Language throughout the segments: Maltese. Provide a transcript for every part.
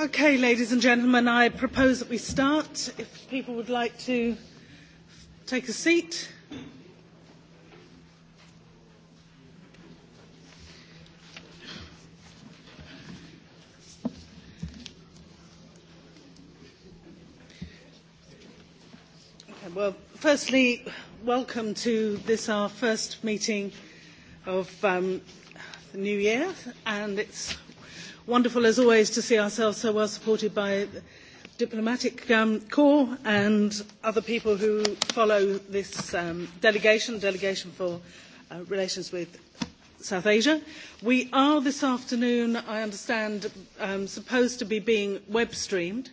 Okay, ladies and gentlemen, I propose that we start. If people would like to take a seat. Okay, well, firstly, welcome to this, our first meeting of um, the new year, and it's wonderful as always to see ourselves so well supported by the diplomatic um, corps and other people who follow this um, delegation, delegation for uh, relations with South Asia. We are this afternoon, I understand, um, supposed to be being web streamed.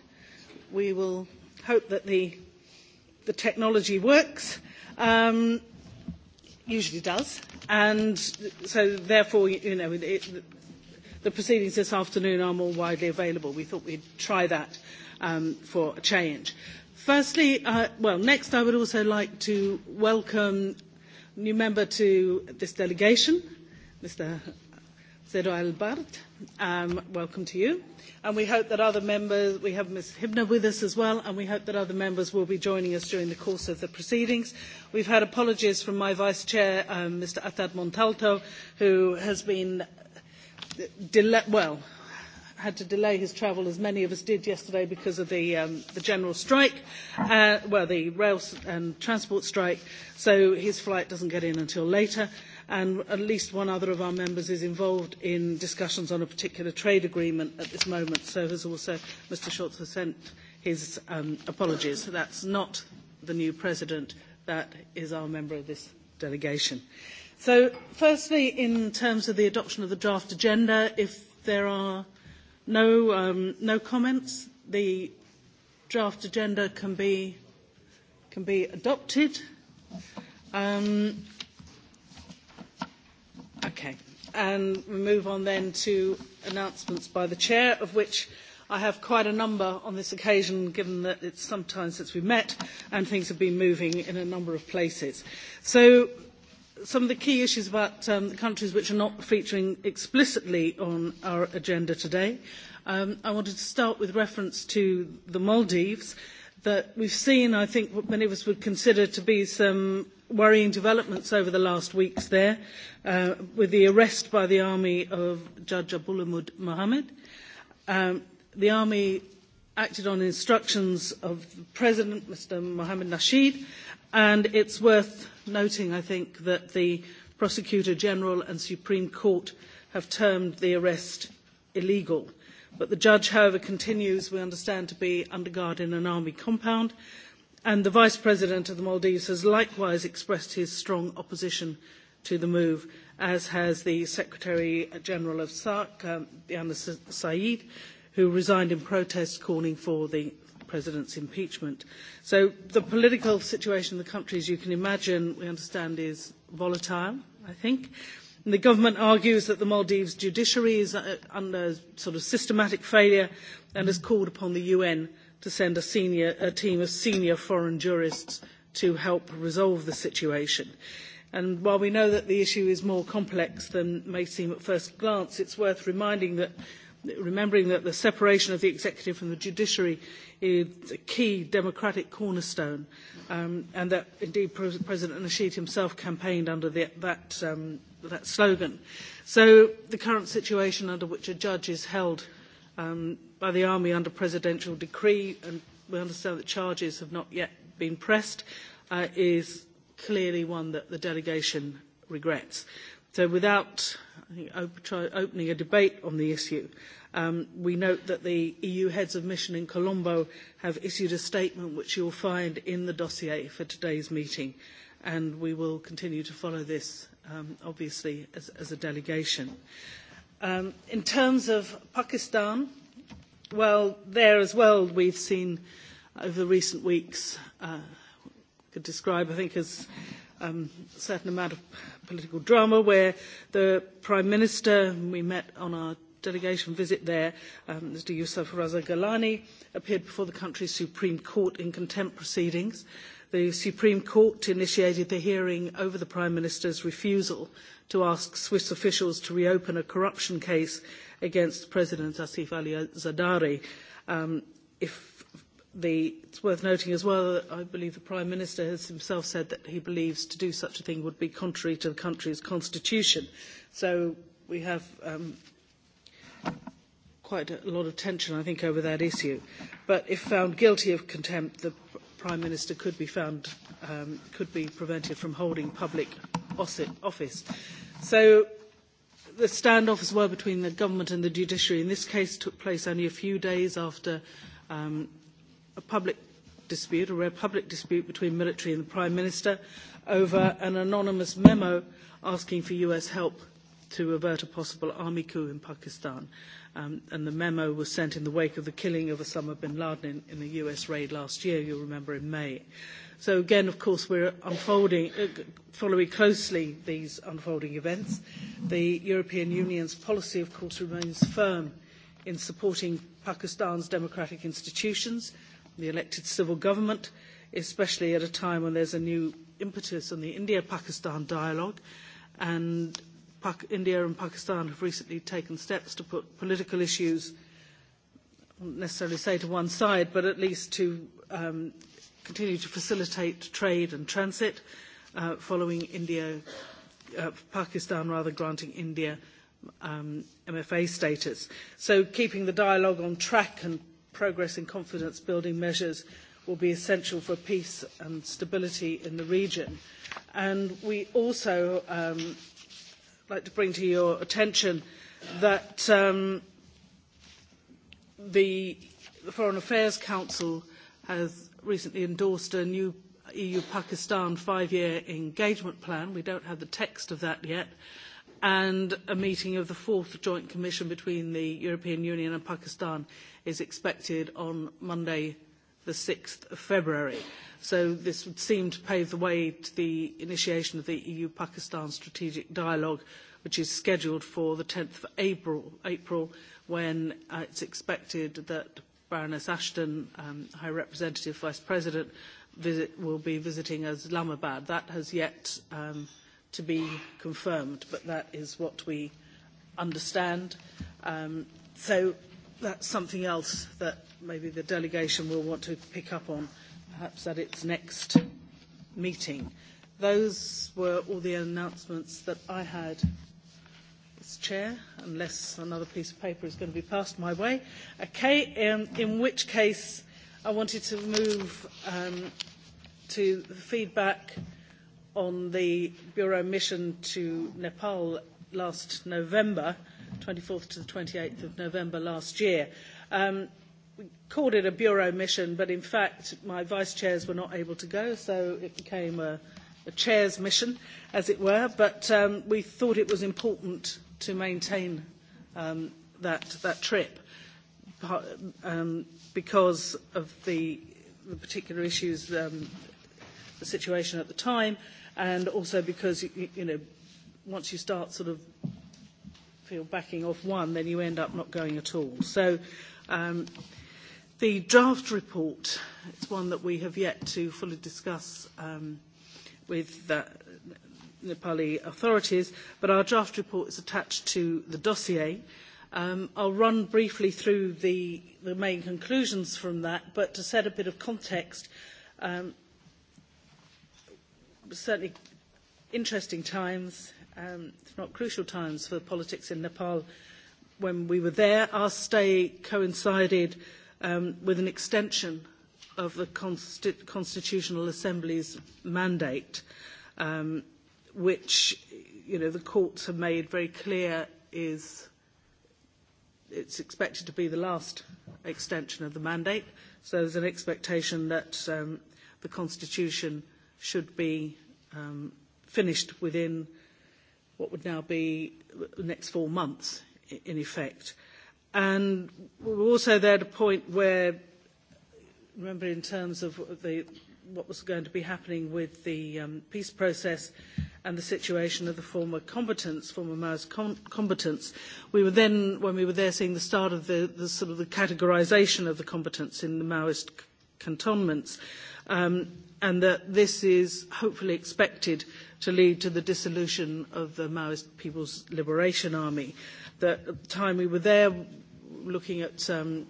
We will hope that the, the technology works. Um, usually does. And so therefore, you know, it, the proceedings this afternoon are more widely available. We thought we'd try that um, for a change. Firstly, uh, well, next I would also like to welcome a new member to this delegation, Mr. Zedo Albert. Um, welcome to you. And we hope that other members, we have Ms. Hibner with us as well, and we hope that other members will be joining us during the course of the proceedings. We've had apologies from my Vice Chair, um, Mr. Atad Montalto, who has been well, had to delay his travel, as many of us did yesterday, because of the, um, the general strike, uh, well, the rail and transport strike. So his flight doesn't get in until later. And at least one other of our members is involved in discussions on a particular trade agreement at this moment. So has also Mr. Schultz has sent his um, apologies. That's not the new president. That is our member of this delegation. So firstly, in terms of the adoption of the draft agenda, if there are no, um, no comments, the draft agenda can be, can be adopted. Um, okay, and we move on then to announcements by the chair, of which I have quite a number on this occasion, given that it's some time since we met and things have been moving in a number of places. So some of the key issues about um, the countries which are not featuring explicitly on our agenda today. Um, I wanted to start with reference to the Maldives that we've seen, I think, what many of us would consider to be some worrying developments over the last weeks there, uh, with the arrest by the army of Judge Abulamud Mohammed. Um, the army acted on instructions of the President, Mr. Mohammed Nasheed, And it's worth noting, I think, that the Prosecutor General and Supreme Court have termed the arrest illegal. But the judge, however, continues, we understand, to be under guard in an army compound. And the Vice President of the Maldives has likewise expressed his strong opposition to the move, as has the Secretary General of SARC, um, Diana Said, who resigned in protest, calling for the President's impeachment. So the political situation in the country, as you can imagine, we understand is volatile, I think. And the government argues that the Maldives judiciary is uh, under sort of systematic failure and has called upon the UN to send a, senior, a team of senior foreign jurists to help resolve the situation. And while we know that the issue is more complex than may seem at first glance, it's worth reminding that remembering that the separation of the executive from the judiciary is a key democratic cornerstone, um, and that indeed Pre President Nasheed himself campaigned under the, that, um, that slogan. So the current situation under which a judge is held um, by the army under presidential decree, and we understand that charges have not yet been pressed, uh, is clearly one that the delegation regrets. So without I think, opening a debate on the issue, Um, we note that the EU heads of mission in Colombo have issued a statement which you will find in the dossier for today's meeting, and we will continue to follow this, um, obviously, as, as a delegation. Um, in terms of Pakistan, well, there as well, we've seen over the recent weeks, uh, could describe, I think, as um, a certain amount of political drama where the Prime Minister, we met on our delegation visit there, um, Mr. Yusuf Raza Galani appeared before the country's Supreme Court in contempt proceedings. The Supreme Court initiated the hearing over the Prime Minister's refusal to ask Swiss officials to reopen a corruption case against President Asif Ali Zadari. Um, if the, it's worth noting as well that I believe the Prime Minister has himself said that he believes to do such a thing would be contrary to the country's constitution. So we have um, quite a lot of tension, I think, over that issue. But if found guilty of contempt, the Prime Minister could be found, um, could be prevented from holding public office. So the standoff as well between the government and the judiciary in this case took place only a few days after um, a public dispute, a rare public dispute between military and the Prime Minister over an anonymous memo asking for US help to avert a possible army coup in Pakistan um, and the memo was sent in the wake of the killing of Osama bin Laden in, in US raid last year, you'll remember in May. So again, of course, we're unfolding, uh, following closely these unfolding events. The European Union's policy, of course, remains firm in supporting Pakistan's democratic institutions, the elected civil government, especially at a time when there's a new impetus on the India-Pakistan dialogue, and India and Pakistan have recently taken steps to put political issues, not necessarily say to one side, but at least to um, continue to facilitate trade and transit uh, following India, uh, Pakistan rather granting India um, MFA status. So keeping the dialogue on track and progress in confidence building measures will be essential for peace and stability in the region. And we also um, like to bring to your attention that um, the, the Foreign Affairs Council has recently endorsed a new EU-Pakistan five-year engagement plan. We don't have the text of that yet. And a meeting of the fourth joint commission between the European Union and Pakistan is expected on Monday, the 6th of February. So this would seem to pave the way to the initiation of the EU-Pakistan strategic dialogue, which is scheduled for the 10th of April, April when uh, it's expected that Baroness Ashton, um, High Representative Vice President, visit, will be visiting Islamabad. That has yet um, to be confirmed, but that is what we understand. Um, so that's something else that maybe the delegation will want to pick up on, perhaps at its next meeting. Those were all the announcements that I had as chair, unless another piece of paper is going to be passed my way. Okay, um, in which case I wanted to move um, to the feedback on the Bureau mission to Nepal last November, 24th to the 28th of November last year. Um, called it a bureau mission, but in fact my vice chairs were not able to go, so it became a, a chair's mission, as it were. But um, we thought it was important to maintain um, that, that trip uh, um, because of the, the particular issues, um, the situation at the time, and also because, you, you know, once you start sort of feel backing off one, then you end up not going at all. So um, The draft report is one that we have yet to fully discuss um, with the Nepali authorities, but our draft report is attached to the dossier. Um, I'll run briefly through the, the main conclusions from that, but to set a bit of context, um, certainly interesting times, um, if not crucial times for politics in Nepal. When we were there, our stay coincided um, with an extension of the Consti Constitutional Assembly's mandate, um, which you know, the courts have made very clear is it's expected to be the last extension of the mandate. So there's an expectation that um, the Constitution should be um, finished within what would now be the next four months, in effect. And we're also there at a point where, remember in terms of the, what was going to be happening with the um, peace process and the situation of the former combatants, former Maoist com combatants, we were then, when we were there, seeing the start of the, the sort of the categorization of the combatants in the Maoist cantonments. Um, and that this is hopefully expected to lead to the dissolution of the Maoist People's Liberation Army. That at the time we were there, looking at um,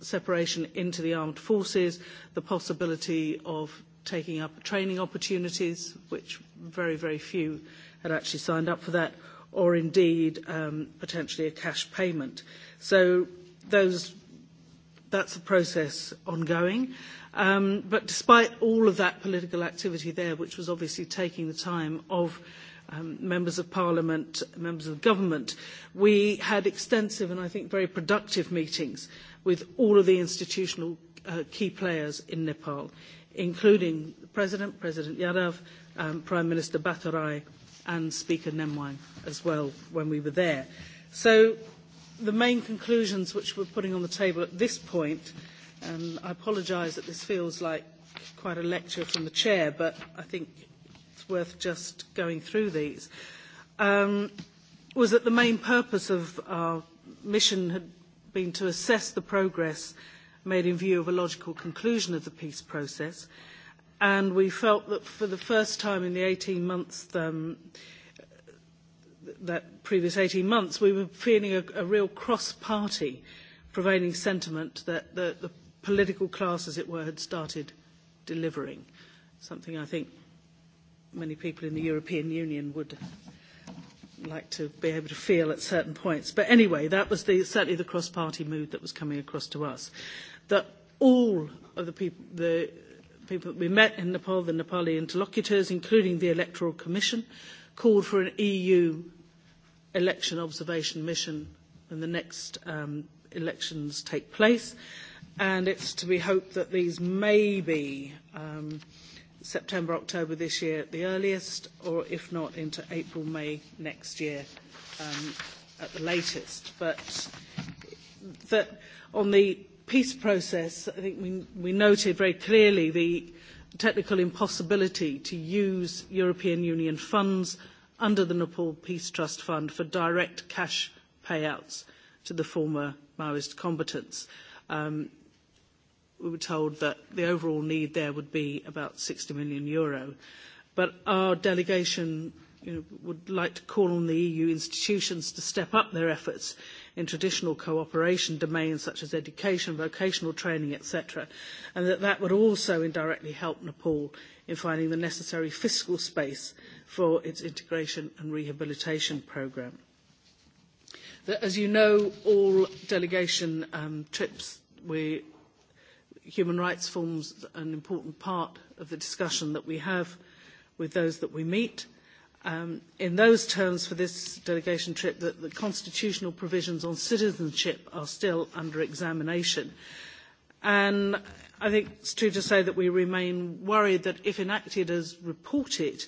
separation into the armed forces, the possibility of taking up training opportunities, which very, very few had actually signed up for that, or indeed um, potentially a cash payment. So those, that's a process ongoing. Um, but despite all of that political activity there, which was obviously taking the time of um, members of parliament, members of government, we had extensive and I think very productive meetings with all of the institutional uh, key players in Nepal, including the President, President Yadav, um, Prime Minister Bhattarai and Speaker Nemwang as well when we were there. So the main conclusions which we're putting on the table at this point, and um, I apologise that this feels like quite a lecture from the chair, but I think worth just going through these, um, was that the main purpose of our mission had been to assess the progress made in view of a logical conclusion of the peace process. And we felt that for the first time in the 18 months, um, that previous 18 months, we were feeling a, a real cross-party prevailing sentiment that the, the political class, as it were, had started delivering, something I think many people in the European Union would like to be able to feel at certain points. But anyway, that was the, certainly the cross-party mood that was coming across to us, that all of the people, the people that we met in Nepal, the Nepali interlocutors, including the Electoral Commission, called for an EU election observation mission when the next um, elections take place. And it's to be hoped that these may be um, September, October this year at the earliest, or if not, into April, May next year um, at the latest. But that on the peace process, I think we, we noted very clearly the technical impossibility to use European Union funds under the Nepal Peace Trust Fund for direct cash payouts to the former Maoist combatants. Um, we were told that the overall need there would be about 60 million euro. But our delegation you know, would like to call on the EU institutions to step up their efforts in traditional cooperation domains such as education, vocational training, etc., and that that would also indirectly help Nepal in finding the necessary fiscal space for its integration and rehabilitation programme. As you know, all delegation um, trips we human rights forms an important part of the discussion that we have with those that we meet. Um, in those terms for this delegation trip, that the constitutional provisions on citizenship are still under examination. And I think it's true to say that we remain worried that if enacted as reported,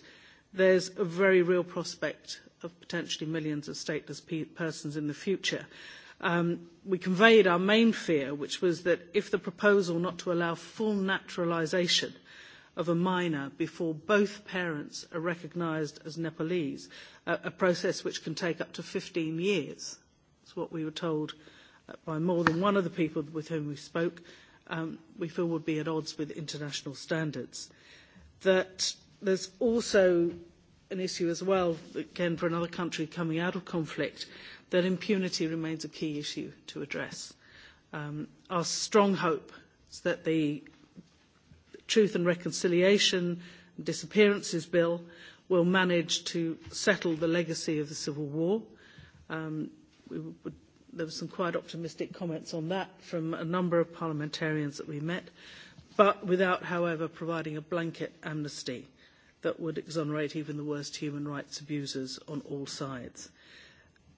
there's a very real prospect of potentially millions of stateless pe persons in the future. Um, we conveyed our main fear, which was that if the proposal not to allow full naturalisation of a minor before both parents are recognised as Nepalese, a, a process which can take up to 15 years. That's what we were told uh, by more than one of the people with whom we spoke, um, we feel would be at odds with international standards. That there's also an issue as well, again, for another country coming out of conflict, that impunity remains a key issue to address. Um, our strong hope is that the Truth and Reconciliation and Disappearances Bill will manage to settle the legacy of the Civil War. Um, we would, there were some quite optimistic comments on that from a number of parliamentarians that we met, but without, however, providing a blanket amnesty that would exonerate even the worst human rights abusers on all sides.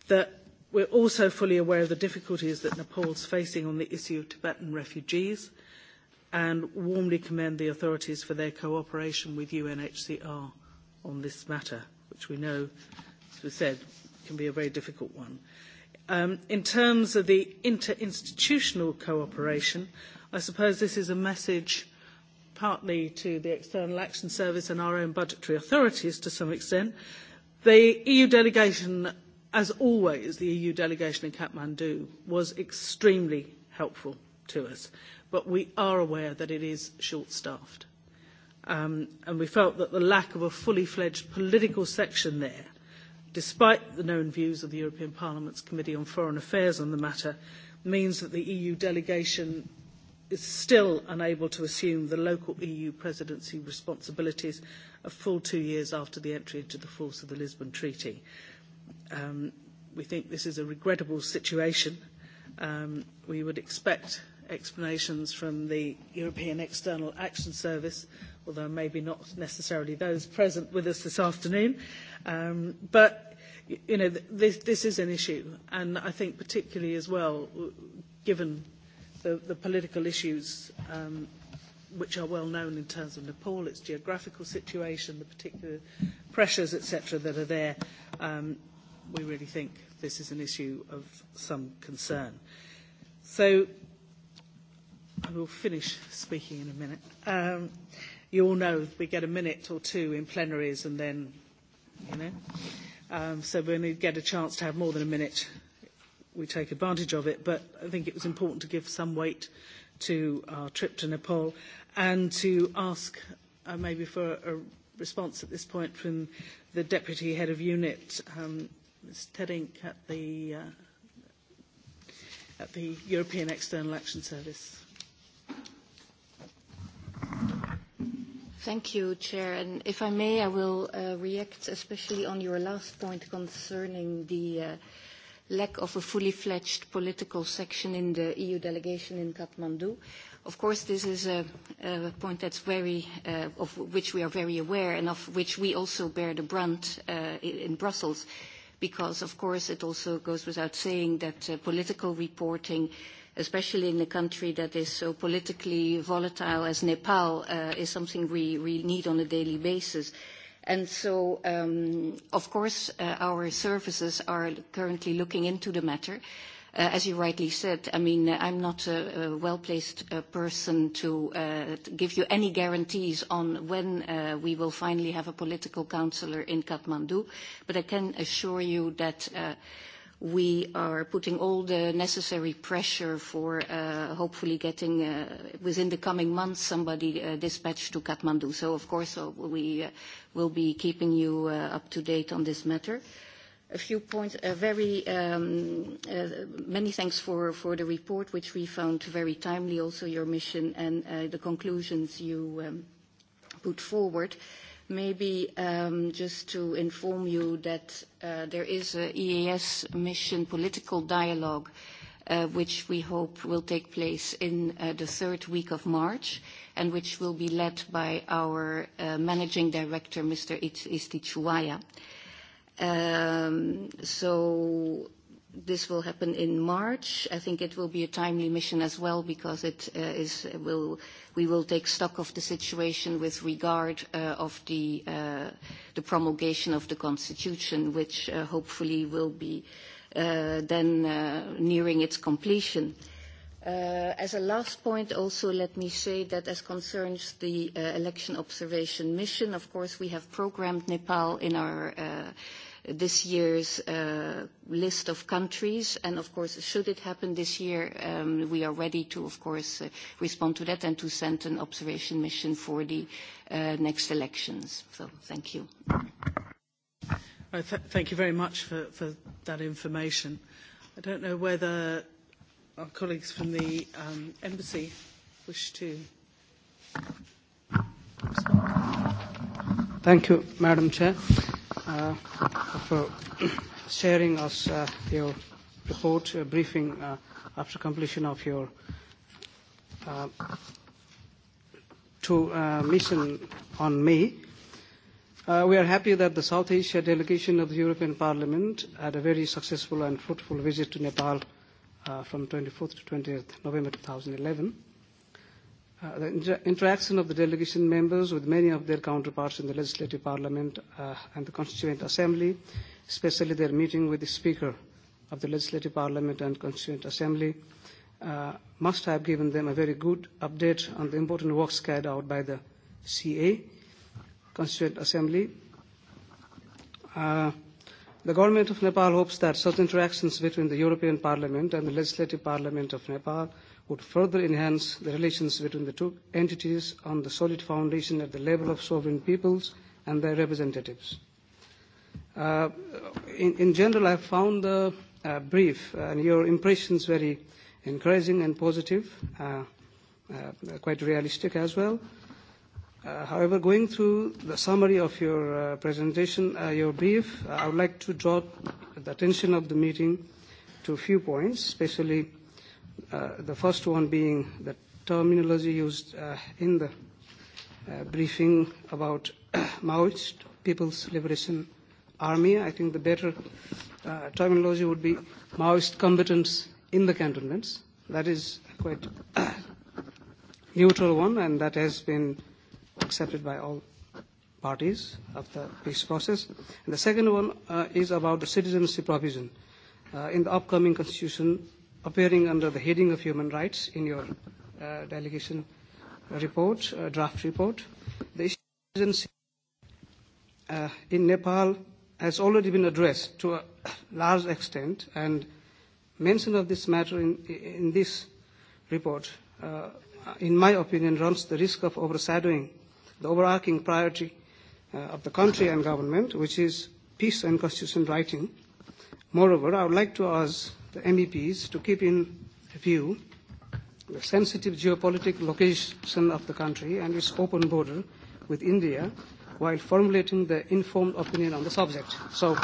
That We are also fully aware of the difficulties that Nepal is facing on the issue of Tibetan refugees and warmly commend the authorities for their cooperation with UNHCR on this matter, which we know, as we said, can be a very difficult one. Um, in terms of the interinstitutional cooperation, I suppose this is a message partly to the External Action Service and our own budgetary authorities to some extent. The EU delegation as always, the EU delegation in Kathmandu was extremely helpful to us, but we are aware that it is short-staffed. Um, and we felt that the lack of a fully fledged political section there, despite the known views of the European Parliament's Committee on Foreign Affairs on the matter, means that the EU delegation is still unable to assume the local EU presidency responsibilities a full two years after the entry into the force of the Lisbon Treaty. Um, we think this is a regrettable situation. Um, we would expect explanations from the European External Action Service, although maybe not necessarily those present with us this afternoon. Um, but, you know, this, this is an issue, and I think particularly as well, given the, the political issues um, which are well known in terms of Nepal, its geographical situation, the particular pressures, etc., that are there, um, we really think this is an issue of some concern. So I will finish speaking in a minute. Um, you all know we get a minute or two in plenaries and then, you know, um, so when we get a chance to have more than a minute, we take advantage of it. But I think it was important to give some weight to our trip to Nepal and to ask uh, maybe for a response at this point from the deputy head of unit, um, Ms. at the, uh, at the European External Action Service. Thank you, Chair. And if I may, I will uh, react especially on your last point concerning the uh, lack of a fully fledged political section in the EU delegation in Kathmandu. Of course, this is a, a point that's very, uh, of which we are very aware and of which we also bear the brunt uh, in Brussels. Uh, because, of course, it also goes without saying that uh, political reporting, especially in a country that is so politically volatile as Nepal, uh, is something we, we need on a daily basis. And so, um, of course, uh, our services are currently looking into the matter. Uh, Uh, as you rightly said, I mean, uh, I'm not a, well-placed uh, person to, uh, to give you any guarantees on when uh, we will finally have a political counselor in Kathmandu, but I can assure you that uh, we are putting all the necessary pressure for uh, hopefully getting uh, within the coming months somebody uh, dispatched to Kathmandu. So of course uh, we uh, will be keeping you uh, up to date on this matter a few points. very um, uh, many thanks for, for the report, which we found very timely, also your mission and uh, the conclusions you um, put forward. Maybe um, just to inform you that uh, there is a EAS mission political dialogue uh, which we hope will take place in uh, the third week of March and which will be led by our uh, managing director, Mr. Istichuaya. It Um, so this will happen in March. I think it will be a timely mission as well because it uh, is will we will take stock of the situation with regard uh, of the uh, the promulgation of the constitution, which uh, hopefully will be uh, then uh, nearing its completion. Uh, as a last point, also let me say that as concerns the uh, election observation mission, of course we have programmed Nepal in our. Uh, this year's uh, list of countries. And of course, should it happen this year, um, we are ready to, of course, uh, respond to that and to send an observation mission for the uh, next elections. So thank you. Uh, th thank you very much for, for that information. I don't know whether our colleagues from the um, embassy wish to respond. Thank you, Madam Chair uh, for sharing us uh, your report, uh, briefing uh, after completion of your uh, to, uh, mission on May. Uh, we are happy that the South Asia delegation of the European Parliament had a very successful and fruitful visit to Nepal uh, from 24th to 20th November 2011. Uh, the inter interaction of the delegation members with many of their counterparts in the Legislative Parliament uh, and the Constituent Assembly, especially their meeting with the Speaker of the Legislative Parliament and Constituent Assembly, uh, must have given them a very good update on the important works carried out by the CA, Constituent Assembly. Uh, the Government of Nepal hopes that such interactions between the European Parliament and the Legislative Parliament of Nepal – would further enhance the relations between the two entities on the solid foundation at the level of sovereign peoples and their representatives. Uh, in, in general, I found the uh, brief and your impressions very encouraging and positive, uh, uh, quite realistic as well. Uh, however, going through the summary of your uh, presentation, uh, your brief, uh, I would like to draw the attention of the meeting to a few points, especially Uh, the first one being the terminology used uh, in the uh, briefing about Maoist People's Liberation Army. I think the better uh, terminology would be Maoist combatants in the cantonments. That is quite neutral one, and that has been accepted by all parties of the peace process. And the second one uh, is about the citizenship provision. Uh, in the upcoming constitution, appearing under the heading of human rights in your uh, delegation report, uh, draft report. The issue uh, in Nepal has already been addressed to a large extent, and mention of this matter in, in this report, uh, in my opinion, runs the risk of overshadowing the overarching priority uh, of the country and government, which is peace and constitution writing. Moreover, I would like to ask the MEPs to keep in view the sensitive geopolitical location of the country and its open border with India while formulating the informed opinion on the subject. So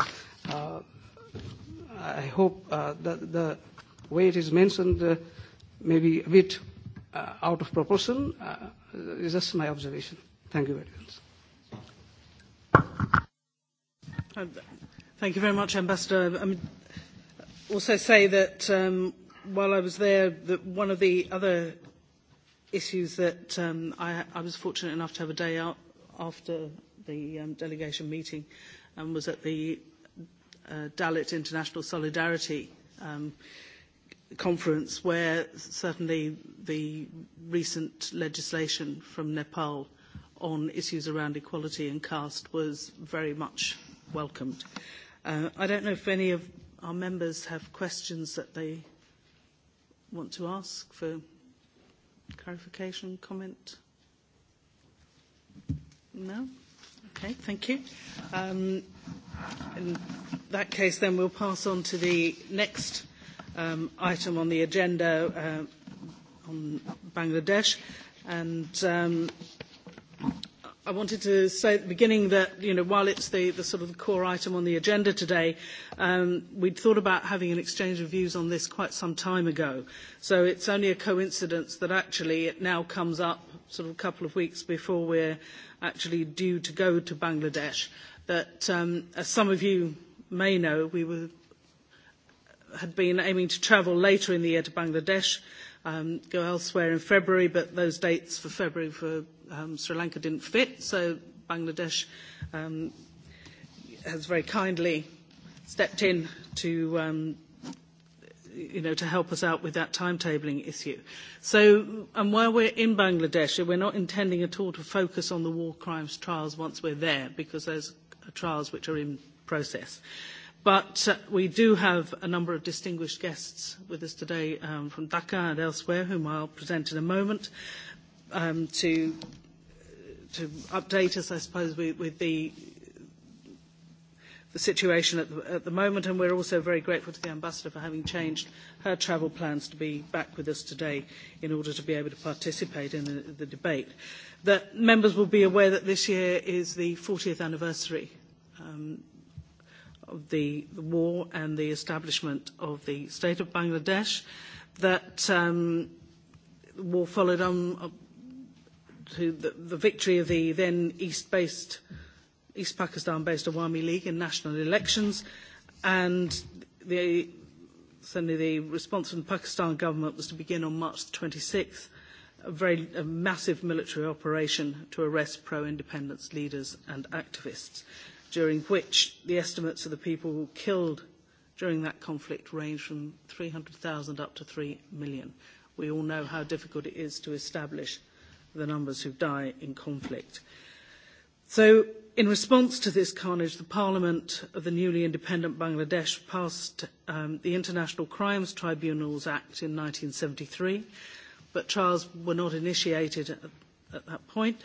uh, I hope uh, that the way it is mentioned uh, may be a bit uh, out of proportion. Uh, is just my observation. Thank you very much. Uh, thank you very much, Ambassador. I um, mean, also say that um, while I was there, that one of the other issues that um, I, I was fortunate enough to have a day out after the um, delegation meeting um, was at the uh, Dalit International Solidarity um, conference where certainly the recent legislation from Nepal on issues around equality and caste was very much welcomed. Uh, I don't know if any of our members have questions that they want to ask for clarification, comment? No? Okay, thank you. Um, in that case, then we'll pass on to the next um, item on the agenda uh, on Bangladesh. And um, I wanted to say at the beginning that, you know, while it's the, the sort of the core item on the agenda today, um, we'd thought about having an exchange of views on this quite some time ago. So it's only a coincidence that actually it now comes up sort of a couple of weeks before we're actually due to go to Bangladesh. That, um, as some of you may know, we were, had been aiming to travel later in the year to Bangladesh, um, go elsewhere in February, but those dates for February for um, Sri Lanka didn't fit, so Bangladesh um, has very kindly stepped in to, um, you know, to help us out with that timetabling issue. So, and while we're in Bangladesh, we're not intending at all to focus on the war crimes trials once we're there, because those are trials which are in process. But uh, we do have a number of distinguished guests with us today um, from Dhaka and elsewhere, whom I'll present in a moment um, to, to update us, I suppose, with, with the, the situation at the, at the moment. And we're also very grateful to the Ambassador for having changed her travel plans to be back with us today in order to be able to participate in the, the debate. That members will be aware that this year is the 40th anniversary um, of the, the war and the establishment of the state of Bangladesh, that um, the war followed on to the, the victory of the then East-based, East Pakistan-based Awami League in national elections, and the, certainly the response from the Pakistan government was to begin on March 26th, a very a massive military operation to arrest pro-independence leaders and activists, during which the estimates of the people killed during that conflict range from 300,000 up to 3 million. We all know how difficult it is to establish the numbers who die in conflict. So, in response to this carnage, the Parliament of the newly independent Bangladesh passed um, the International Crimes Tribunals Act in 1973, but trials were not initiated at, at that point.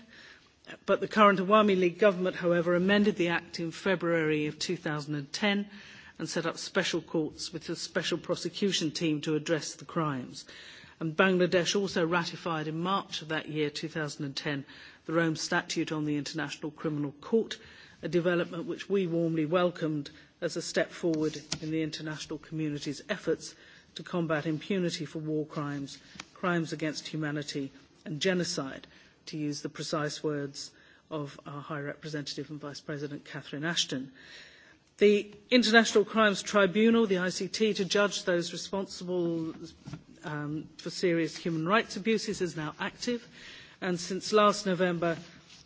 But the current Awami League government, however, amended the Act in February of 2010 and set up special courts with a special prosecution team to address the crimes. And Bangladesh also ratified in March of that year, 2010, the Rome Statute on the International Criminal Court, a development which we warmly welcomed as a step forward in the international community's efforts to combat impunity for war crimes, crimes against humanity, and genocide, to use the precise words of our High Representative and Vice President Catherine Ashton. The International Crimes Tribunal, the ICT, to judge those responsible um, for serious human rights abuses is now active, and since last November,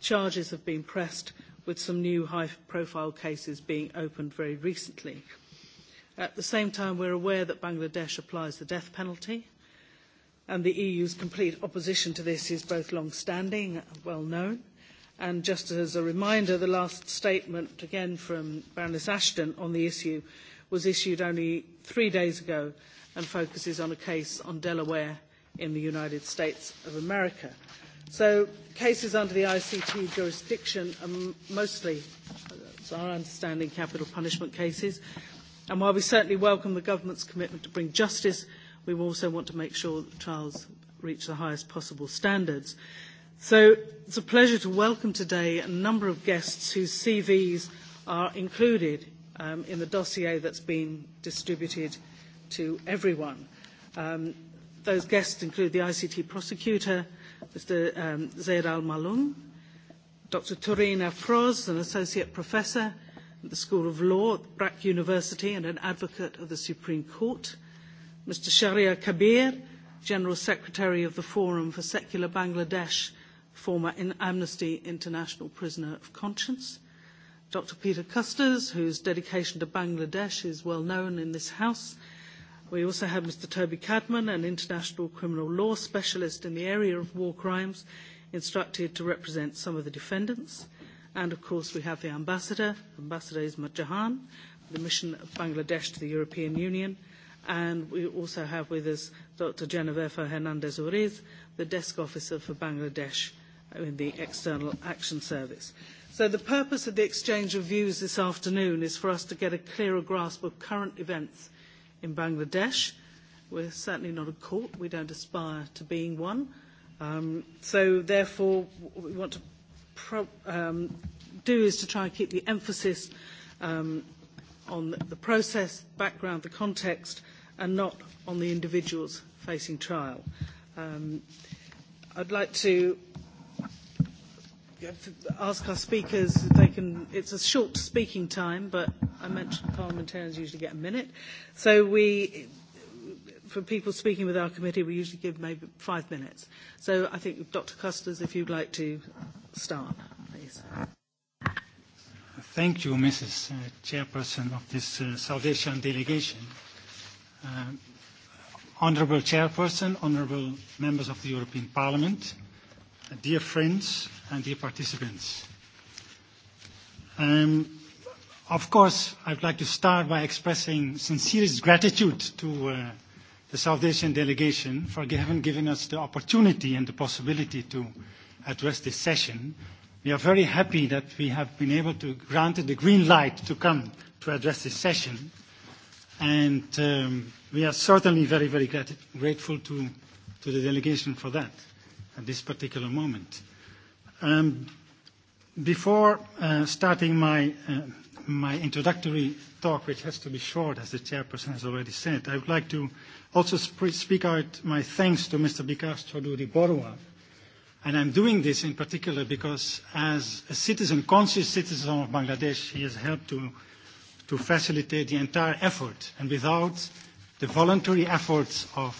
charges have been pressed with some new high-profile cases being opened very recently. At the same time, we are aware that Bangladesh applies the death penalty, and the EU's complete opposition to this is both long-standing and well-known. And just as a reminder, the last statement, again from Baroness Ashton on the issue, was issued only three days ago and focuses on a case on Delaware in the United States of America. So cases under the ICT jurisdiction are mostly, as uh, our understanding, capital punishment cases. And while we certainly welcome the government's commitment to bring justice, we also want to make sure that trials reach the highest possible standards. So it's a pleasure to welcome today a number of guests whose CVs are included um, in the dossier that's been distributed to everyone. Um, those guests include the ICT prosecutor, Mr. Um, Zaid Al Malum, Dr. Torina Froz, an associate professor at the School of Law at Brack University and an advocate of the Supreme Court, Mr. Sharia Kabir, General Secretary of the Forum for Secular Bangladesh, former Amnesty International Prisoner of Conscience, Dr. Peter Custers, whose dedication to Bangladesh is well known in this House. We also have Mr. Toby Cadman, an international criminal law specialist in the area of war crimes, instructed to represent some of the defendants. And of course, we have the ambassador, Ambassador Isma Jahan, the mission of Bangladesh to the European Union. And we also have with us Dr. Genevieve Hernandez Uriz, the desk officer for Bangladesh in the External Action Service. So the purpose of the exchange of views this afternoon is for us to get a clearer grasp of current events in Bangladesh. We're certainly not a court. We don't aspire to being one. Um, so therefore, what we want to pro um, do is to try and keep the emphasis um, on the process, background, the context, and not on the individuals facing trial. Um, I'd like to ask our speakers if they can. It's a short speaking time, but I mentioned parliamentarians usually get a minute. So we, for people speaking with our committee, we usually give maybe five minutes. So I think, Dr. custers if you'd like to start, please. Thank you, Mrs. Uh, Chairperson of this uh, Salvation Delegation. Uh, honorable Chairperson, honorable members of the European Parliament dear friends and dear participants. Um, of course, I would like to start by expressing sincerest gratitude to uh, the South Asian delegation for having given us the opportunity and the possibility to address this session. We are very happy that we have been able to grant the green light to come to address this session. And um, we are certainly very, very grat grateful to, to the delegation for that at this particular moment. Um, before uh, starting my, uh, my introductory talk, which has to be short, as the chairperson has already said, I would like to also sp speak out my thanks to Mr. Bikash Chaudhuri Borwa. And I'm doing this in particular because as a citizen, conscious citizen of Bangladesh, he has helped to, to facilitate the entire effort. And without the voluntary efforts of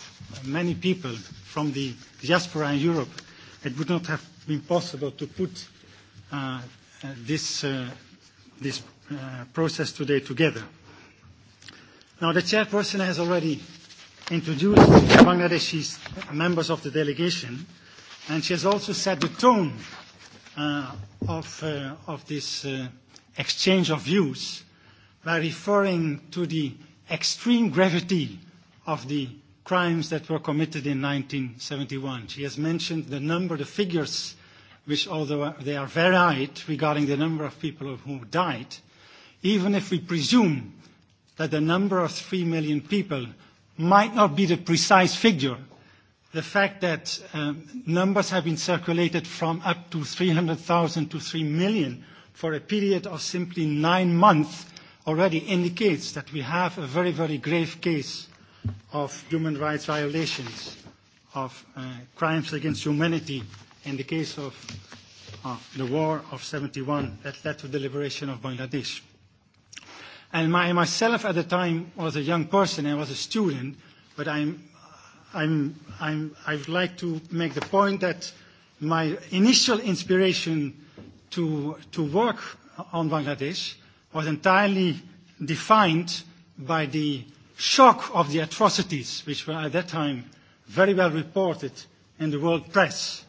many people from the diaspora in Europe, it would not have been possible to put uh, uh, this, uh, this uh, process today together. Now, the chairperson has already introduced Bangladeshi's members of the delegation, and she has also set the tone uh, of, uh, of this uh, exchange of views by referring to the extreme gravity of the crimes that were committed in 1971. She has mentioned the number, the figures, which although they are varied regarding the number of people who died, even if we presume that the number of 3 million people might not be the precise figure, the fact that um, numbers have been circulated from up to 300,000 to 3 million for a period of simply nine months already indicates that we have a very, very grave case of human rights violations, of uh, crimes against humanity in the case of uh, the war of 71 that led to the liberation of Bangladesh. And my, myself at the time was a young person, I was a student, but I'm, I'm, I'm, I would like to make the point that my initial inspiration to, to work on Bangladesh was entirely defined by the shock of the atrocities which were at that time very well reported in the world press,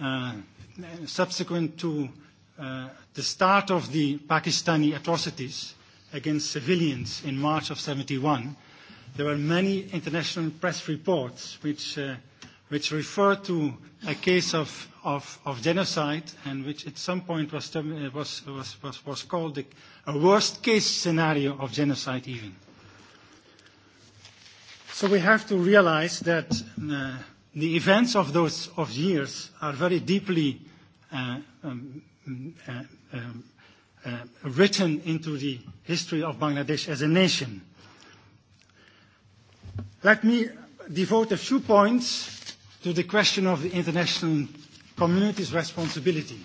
uh, subsequent to uh, the start of the Pakistani atrocities against civilians in March of 71, there were many international press reports which, uh, which referred to a case of, of, of genocide and which at some point was, uh, was, was, was called the, a worst case scenario of genocide even. So we have to realize that uh, the events of those of years are very deeply uh, um, uh, um, uh, written into the history of Bangladesh as a nation. Let me devote a few points to the question of the international community's responsibility.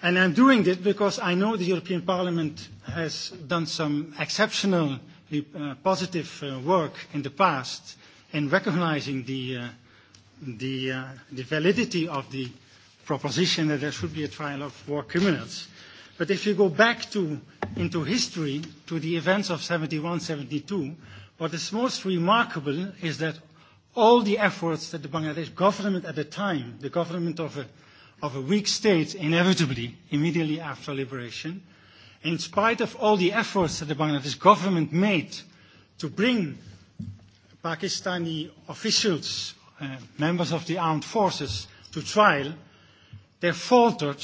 And I'm doing this because I know the European Parliament has done some exceptional the uh, positive uh, work in the past in recognizing the, uh, the, uh, the validity of the proposition that there should be a trial of war criminals. But if you go back to, into history, to the events of 71, 72, what is most remarkable is that all the efforts that the Bangladesh government at the time, the government of a, of a weak state, inevitably, immediately after liberation, in spite of all the efforts that the Bangladesh government made to bring Pakistani officials, uh, members of the armed forces, to trial, they faltered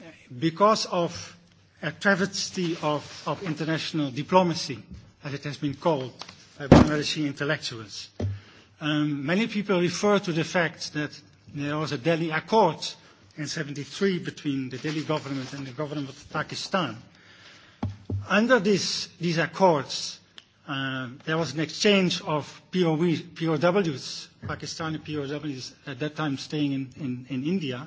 uh, because of a travesty of, of international diplomacy, as it has been called by Bangladeshi intellectuals. Um, many people refer to the fact that there was a Delhi Accord in 73 between the Delhi government and the government of Pakistan. Under this, these accords, uh, there was an exchange of POV, POWs, Pakistani POWs at that time staying in, in, in India,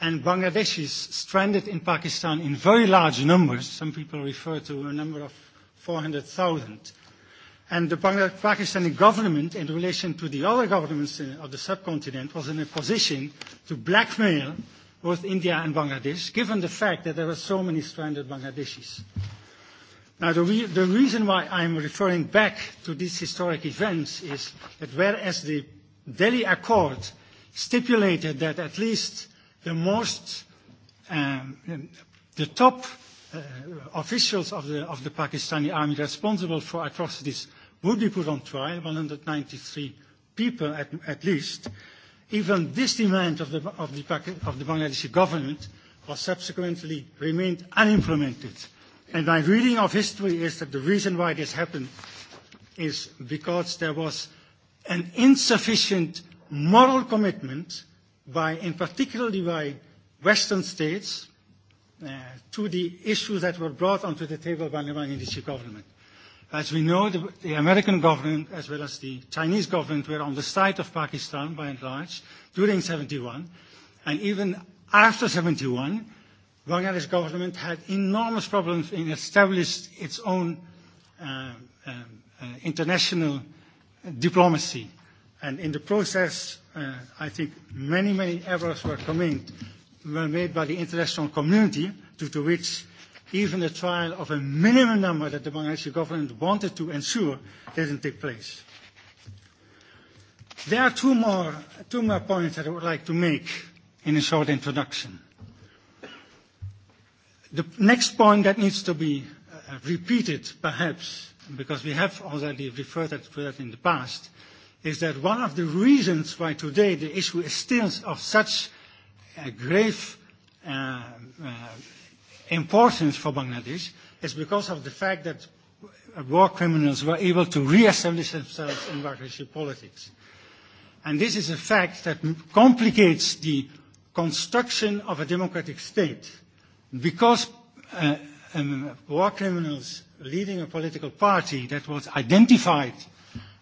and Bangladeshis stranded in Pakistan in very large numbers. Some people refer to a number of 400,000. And the Pakistani government, in relation to the other governments uh, of the subcontinent, was in a position to blackmail both India and Bangladesh, given the fact that there were so many stranded Bangladeshis. Now, the, re the reason why I'm referring back to these historic events is that whereas the Delhi Accord stipulated that at least the most, um, the top uh, officials of the, of the Pakistani army responsible for atrocities would be put on trial, 193 people at, at least. Even this demand of the, of, the, of the Bangladeshi government was subsequently remained unimplemented. And my reading of history is that the reason why this happened is because there was an insufficient moral commitment by, in particularly by Western states, uh, to the issues that were brought onto the table by the Bangladeshi government. As we know, the, the American government as well as the Chinese government were on the side of Pakistan by and large during 71 and even after 71 Bangladesh government had enormous problems in establishing its own uh, um, uh, international diplomacy. And in the process, uh, I think many, many errors were, committed, were made by the international community due to which even the trial of a minimum number that the Bangladeshi government wanted to ensure didn't take place. There are two more, two more points that I would like to make in a short introduction. The next point that needs to be uh, repeated, perhaps, because we have already referred to that in the past, is that one of the reasons why today the issue is still of such a grave uh, uh, importance for Bangladesh is because of the fact that war criminals were able to reestablish themselves in Bangladeshi politics. And this is a fact that complicates the construction of a democratic state because uh, um, war criminals leading a political party that was identified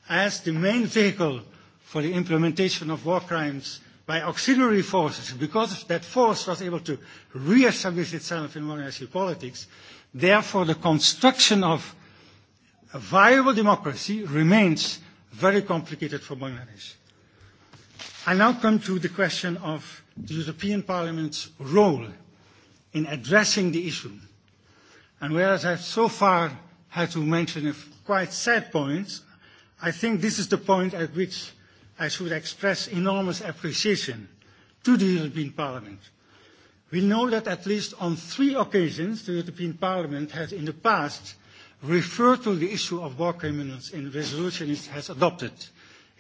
as the main vehicle for the implementation of war crimes by auxiliary forces, because that force was able to reestablish itself in monarchy politics, therefore the construction of a viable democracy remains very complicated for Bangladesh. I now come to the question of the European Parliament's role in addressing the issue. And whereas I've so far had to mention a quite sad point, I think this is the point at which I should express enormous appreciation to the European Parliament. We know that at least on three occasions the European Parliament has in the past referred to the issue of war criminals in the resolution it has adopted.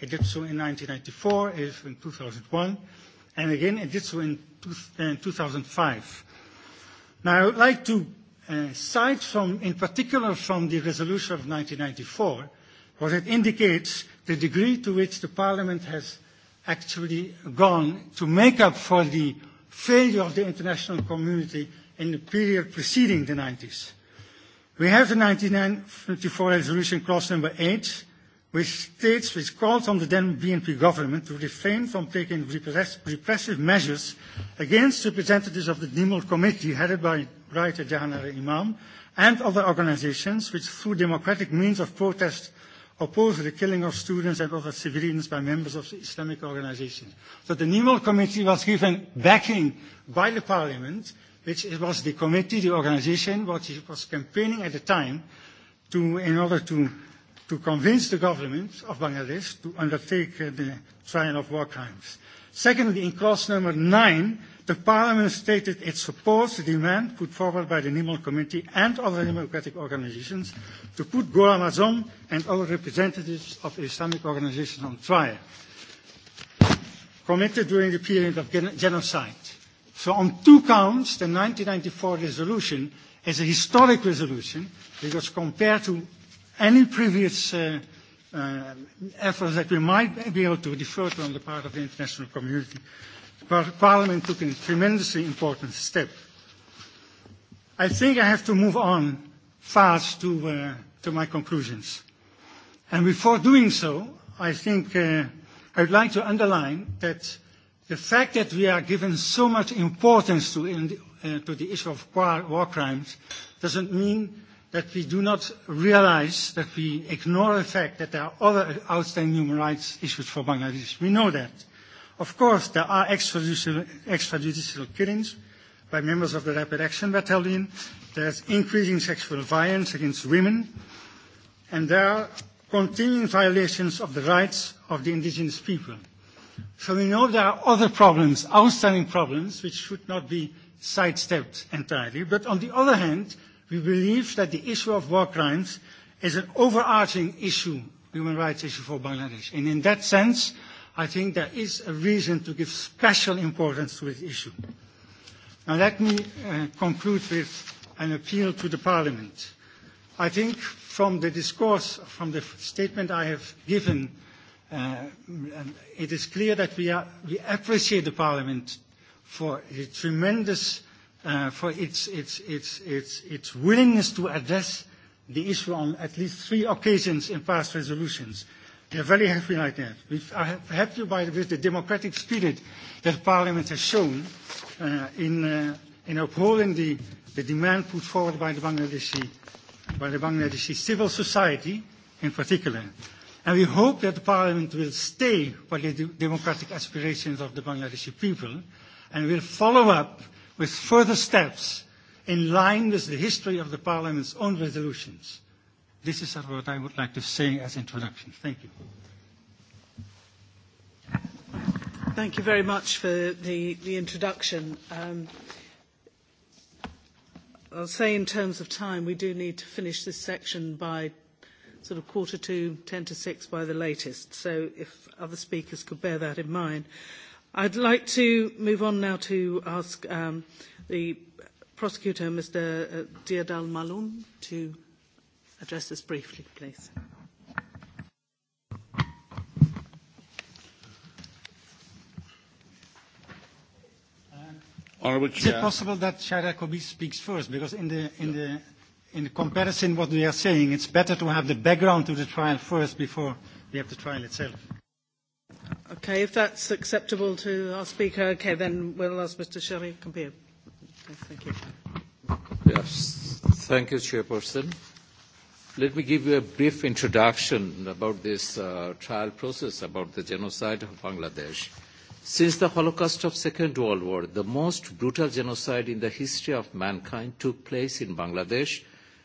It did so in 1994, in 2001, and again it did so in 2005. Now I would like to uh, cite from, in particular from the resolution of 1994, what it indicates the degree to which the Parliament has actually gone to make up for the failure of the international community in the period preceding the 90s. We have the 1994 resolution clause number 8, which states, which calls on the then BNP government to refrain from taking repress repressive measures against representatives of the Dimul Committee headed by writer Jahanara Imam and other organizations which through democratic means of protest oppose the killing of students and other civilians by members of the Islamic organizations. So the Nemo Committee was given backing by the Parliament, which it was the committee, the organization, which was campaigning at the time to, in order to, to convince the government of Bangladesh to undertake uh, the trial of war crimes. Secondly, in clause number nine, The Parliament stated it supports the demand put forward by the NIML Committee and other democratic organizations to put Ghulam Azam and other representatives of Islamic organizations on trial, committed during the period of gen genocide. So on two counts, the 1994 resolution is a historic resolution because compared to any previous uh, uh, efforts that we might be able to defer to on the part of the international community, Parliament took a tremendously important step. I think I have to move on fast to, uh, to my conclusions. And before doing so, I think uh, I would like to underline that the fact that we are given so much importance to, in the, uh, to the issue of war crimes doesn't mean that we do not realize, that we ignore the fact that there are other outstanding human rights issues for Bangladesh. We know that. Of course, there are extrajudicial, extrajudicial killings by members of the Rapid Action Battalion. There's increasing sexual violence against women. And there are continuing violations of the rights of the indigenous people. So we know there are other problems, outstanding problems, which should not be sidestepped entirely. But on the other hand, we believe that the issue of war crimes is an overarching issue, human rights issue for Bangladesh. And in that sense, I think there is a reason to give special importance to this issue. Now let me uh, conclude with an appeal to the Parliament. I think from the discourse, from the statement I have given, uh, it is clear that we, are, we appreciate the Parliament for its tremendous, uh, for its, its, its, its, its willingness to address the issue on at least three occasions in past resolutions. They're very happy like that. We are happy by, with the democratic spirit that Parliament has shown uh, in, uh, in upholding the, the demand put forward by the, Bangladeshi, by the Bangladeshi civil society in particular. And we hope that the Parliament will stay by the de democratic aspirations of the Bangladeshi people and will follow up with further steps in line with the history of the Parliament's own resolutions. This is what I would like to say as introduction. Thank you. Thank you very much for the, the introduction. Um, I'll say in terms of time, we do need to finish this section by sort of quarter to ten to six by the latest. So if other speakers could bear that in mind. I'd like to move on now to ask um, the prosecutor, Mr. Uh, Diadal Malum, to address this briefly, please? Uh, Honourable Chair. Is it possible that Shaira Kobi speaks first? Because in the, in yeah. the, in the comparison what we are saying, it's better to have the background to the trial first before we have the trial itself. Okay, if that's acceptable to our speaker, okay, then we'll ask Mr. Sherry Kampir. Okay, thank you. Yes, thank you, Chairperson. Let me give you a brief introduction about this uh, trial process, about the genocide of Bangladesh. Since the Holocaust of Second World War, the most brutal genocide in the history of mankind took place in Bangladesh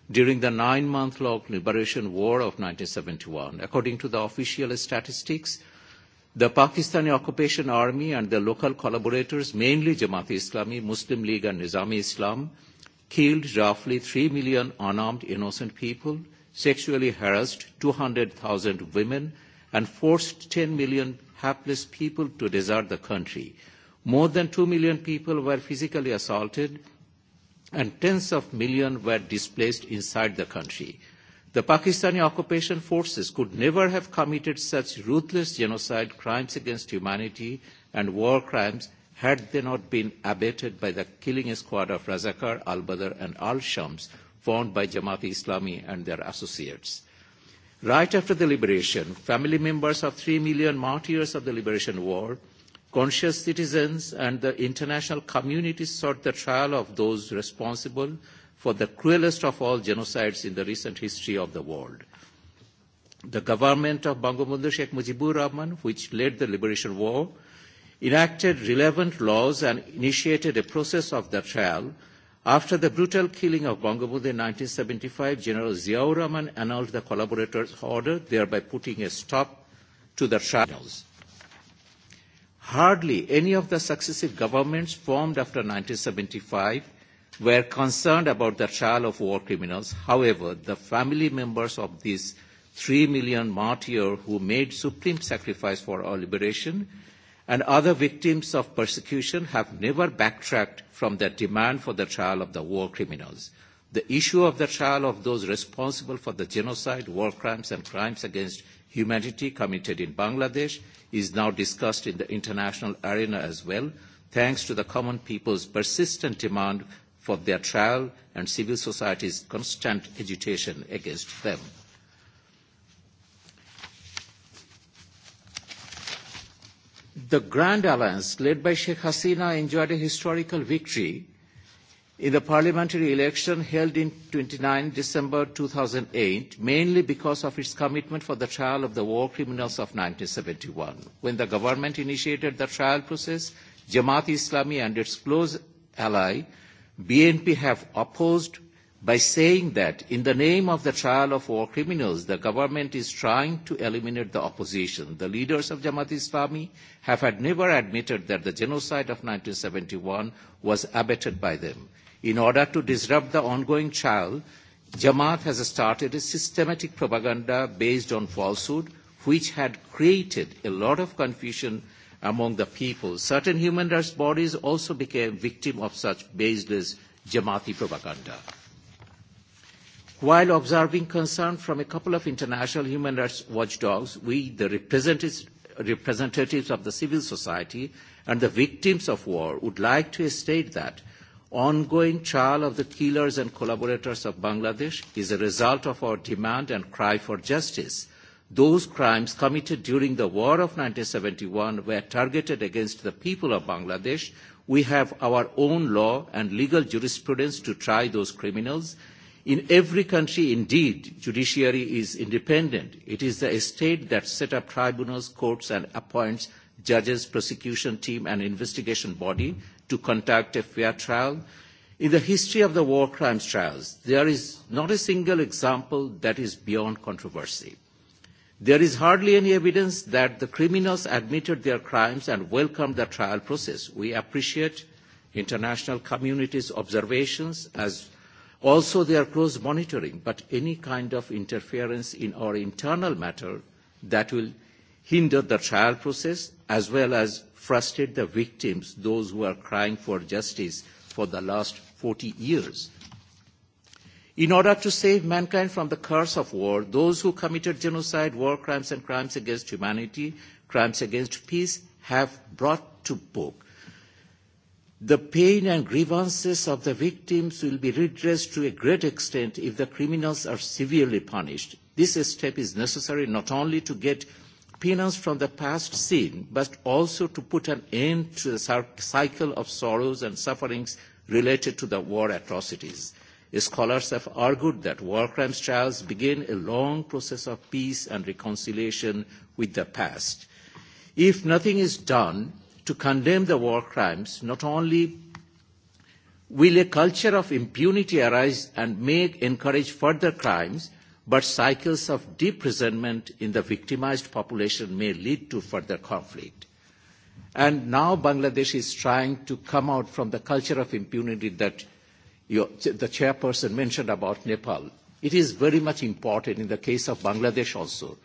during the nine-month-long liberation war of 1971. According to the official statistics, the Pakistani occupation army and their local collaborators, mainly Jamaat-e-Islami, Muslim League and Nizami Islam, killed roughly 3 million unarmed innocent people – sexually harassed 200,000 women and forced 10 million hapless people to desert the country. More than 2 million people were physically assaulted and tens of millions were displaced inside the country. The Pakistani occupation forces could never have committed such ruthless genocide crimes against humanity and war crimes had they not been abetted by the killing squad of Razakar, Al-Badr and Al-Shams, formed by Jamaat-e-Islami and their associates. Right after the liberation, family members of three million martyrs of the liberation war, conscious citizens and the international community sought the trial of those responsible for the cruelest of all genocides in the recent history of the world. The government of Bangabandhu Sheikh Mujibur Rahman, which led the liberation war, enacted relevant laws and initiated a process of the trial After the brutal killing of Bangabandhu in 1975, General Ziaur Rahman annulled the collaborators' order, thereby putting a stop to the trials. Hardly any of the successive governments formed after 1975 were concerned about the trial of war criminals. However, the family members of these three million martyrs who made supreme sacrifice for our liberation and other victims of persecution have never backtracked from their demand for the trial of the war criminals. The issue of the trial of those responsible for the genocide, war crimes and crimes against humanity committed in Bangladesh is now discussed in the international arena as well, thanks to the common people's persistent demand for their trial and civil society's constant agitation against them. the Grand Alliance led by Sheikh Hasina enjoyed a historical victory in the parliamentary election held in 29 December 2008, mainly because of its commitment for the trial of the war criminals of 1971. When the government initiated the trial process, Jamaat Islami and its close ally, BNP, have opposed by saying that in the name of the trial of war criminals, the government is trying to eliminate the opposition. The leaders of Jamaat Islami have had never admitted that the genocide of 1971 was abetted by them. In order to disrupt the ongoing trial, Jamaat has started a systematic propaganda based on falsehood, which had created a lot of confusion among the people. Certain human rights bodies also became victims of such baseless Jamaati propaganda. While observing concern from a couple of international human rights watchdogs, we, the representatives, representatives of the civil society and the victims of war, would like to state that ongoing trial of the killers and collaborators of Bangladesh is a result of our demand and cry for justice. Those crimes committed during the war of seventy one were targeted against the people of Bangladesh. We have our own law and legal jurisprudence to try those criminals In every country, indeed, judiciary is independent. It is the state that set up tribunals, courts, and appoints judges, prosecution team, and investigation body to conduct a fair trial. In the history of the war crimes trials, there is not a single example that is beyond controversy. There is hardly any evidence that the criminals admitted their crimes and welcomed the trial process. We appreciate international community's observations as Also, are close monitoring, but any kind of interference in our internal matter that will hinder the trial process as well as frustrate the victims, those who are crying for justice for the last 40 years. In order to save mankind from the curse of war, those who committed genocide, war crimes and crimes against humanity, crimes against peace, have brought to book The pain and grievances of the victims will be redressed to a great extent if the criminals are severely punished. This step is necessary not only to get penance from the past sin, but also to put an end to the cycle of sorrows and sufferings related to the war atrocities. Scholars have argued that war crimes trials begin a long process of peace and reconciliation with the past. If nothing is done, to condemn the war crimes, not only will a culture of impunity arise and may encourage further crimes, but cycles of deep resentment in the victimized population may lead to further conflict. And now Bangladesh is trying to come out from the culture of impunity that your, the chairperson mentioned about Nepal. It is very much important in the case of Bangladesh also.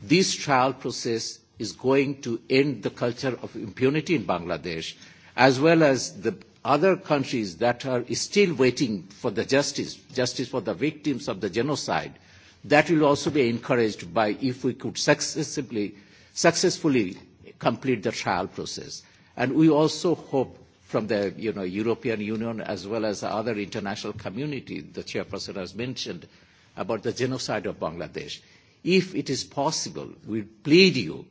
This trial process is going to end the culture of impunity in Bangladesh, as well as the other countries that are still waiting for the justice, justice for the victims of the genocide, that will also be encouraged by if we could successfully, successfully complete the trial process. And we also hope from the you know, European Union as well as the other international community, the chairperson has mentioned, about the genocide of Bangladesh. If it is possible, we plead you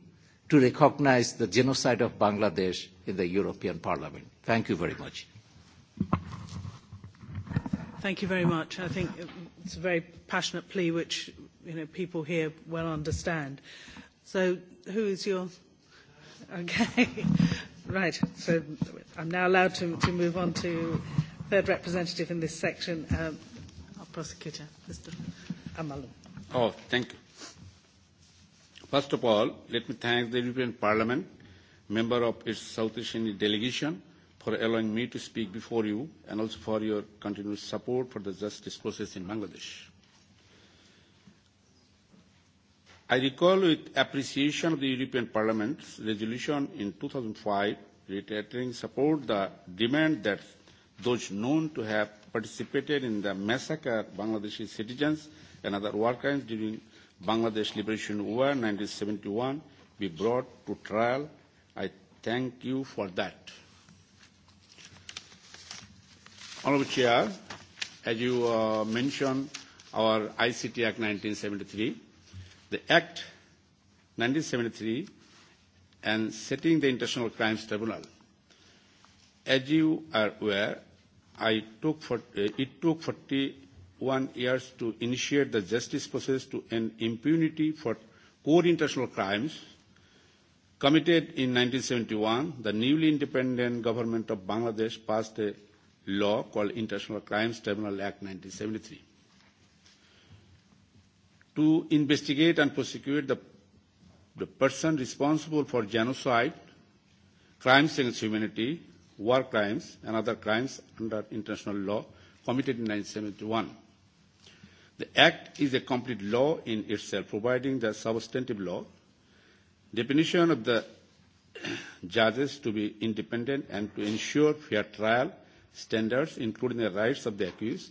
to recognize the genocide of Bangladesh in the European Parliament. Thank you very much. Thank you very much. I think it's a very passionate plea which you know, people here well understand. So who is your... Okay. right. So I'm now allowed to, to move on to third representative in this section, um, our prosecutor, Mr. Amalu. Oh, thank you. First of all, let me thank the European Parliament, member of its South Asian delegation, for allowing me to speak before you and also for your continuous support for the justice process in Bangladesh. I recall with appreciation of the European Parliament's resolution in 2005 reiterating support the demand that those known to have participated in the massacre of Bangladeshi citizens and other war crimes during Bangladesh Liberation War 1971 be brought to trial. I thank you for that. Honorable Chair, as you uh, mentioned, our ICT Act 1973, the Act 1973 and setting the International Crimes Tribunal. As you are aware, I took for, uh, it took 40 one years to initiate the justice process to end impunity for core international crimes committed in 1971. The newly independent government of Bangladesh passed a law called International Crimes Tribunal Act 1973 to investigate and prosecute the, the person responsible for genocide, crimes against humanity, war crimes, and other crimes under international law committed in 1971. The Act is a complete law in itself, providing the substantive law, definition of the judges to be independent and to ensure fair trial standards, including the rights of the accused,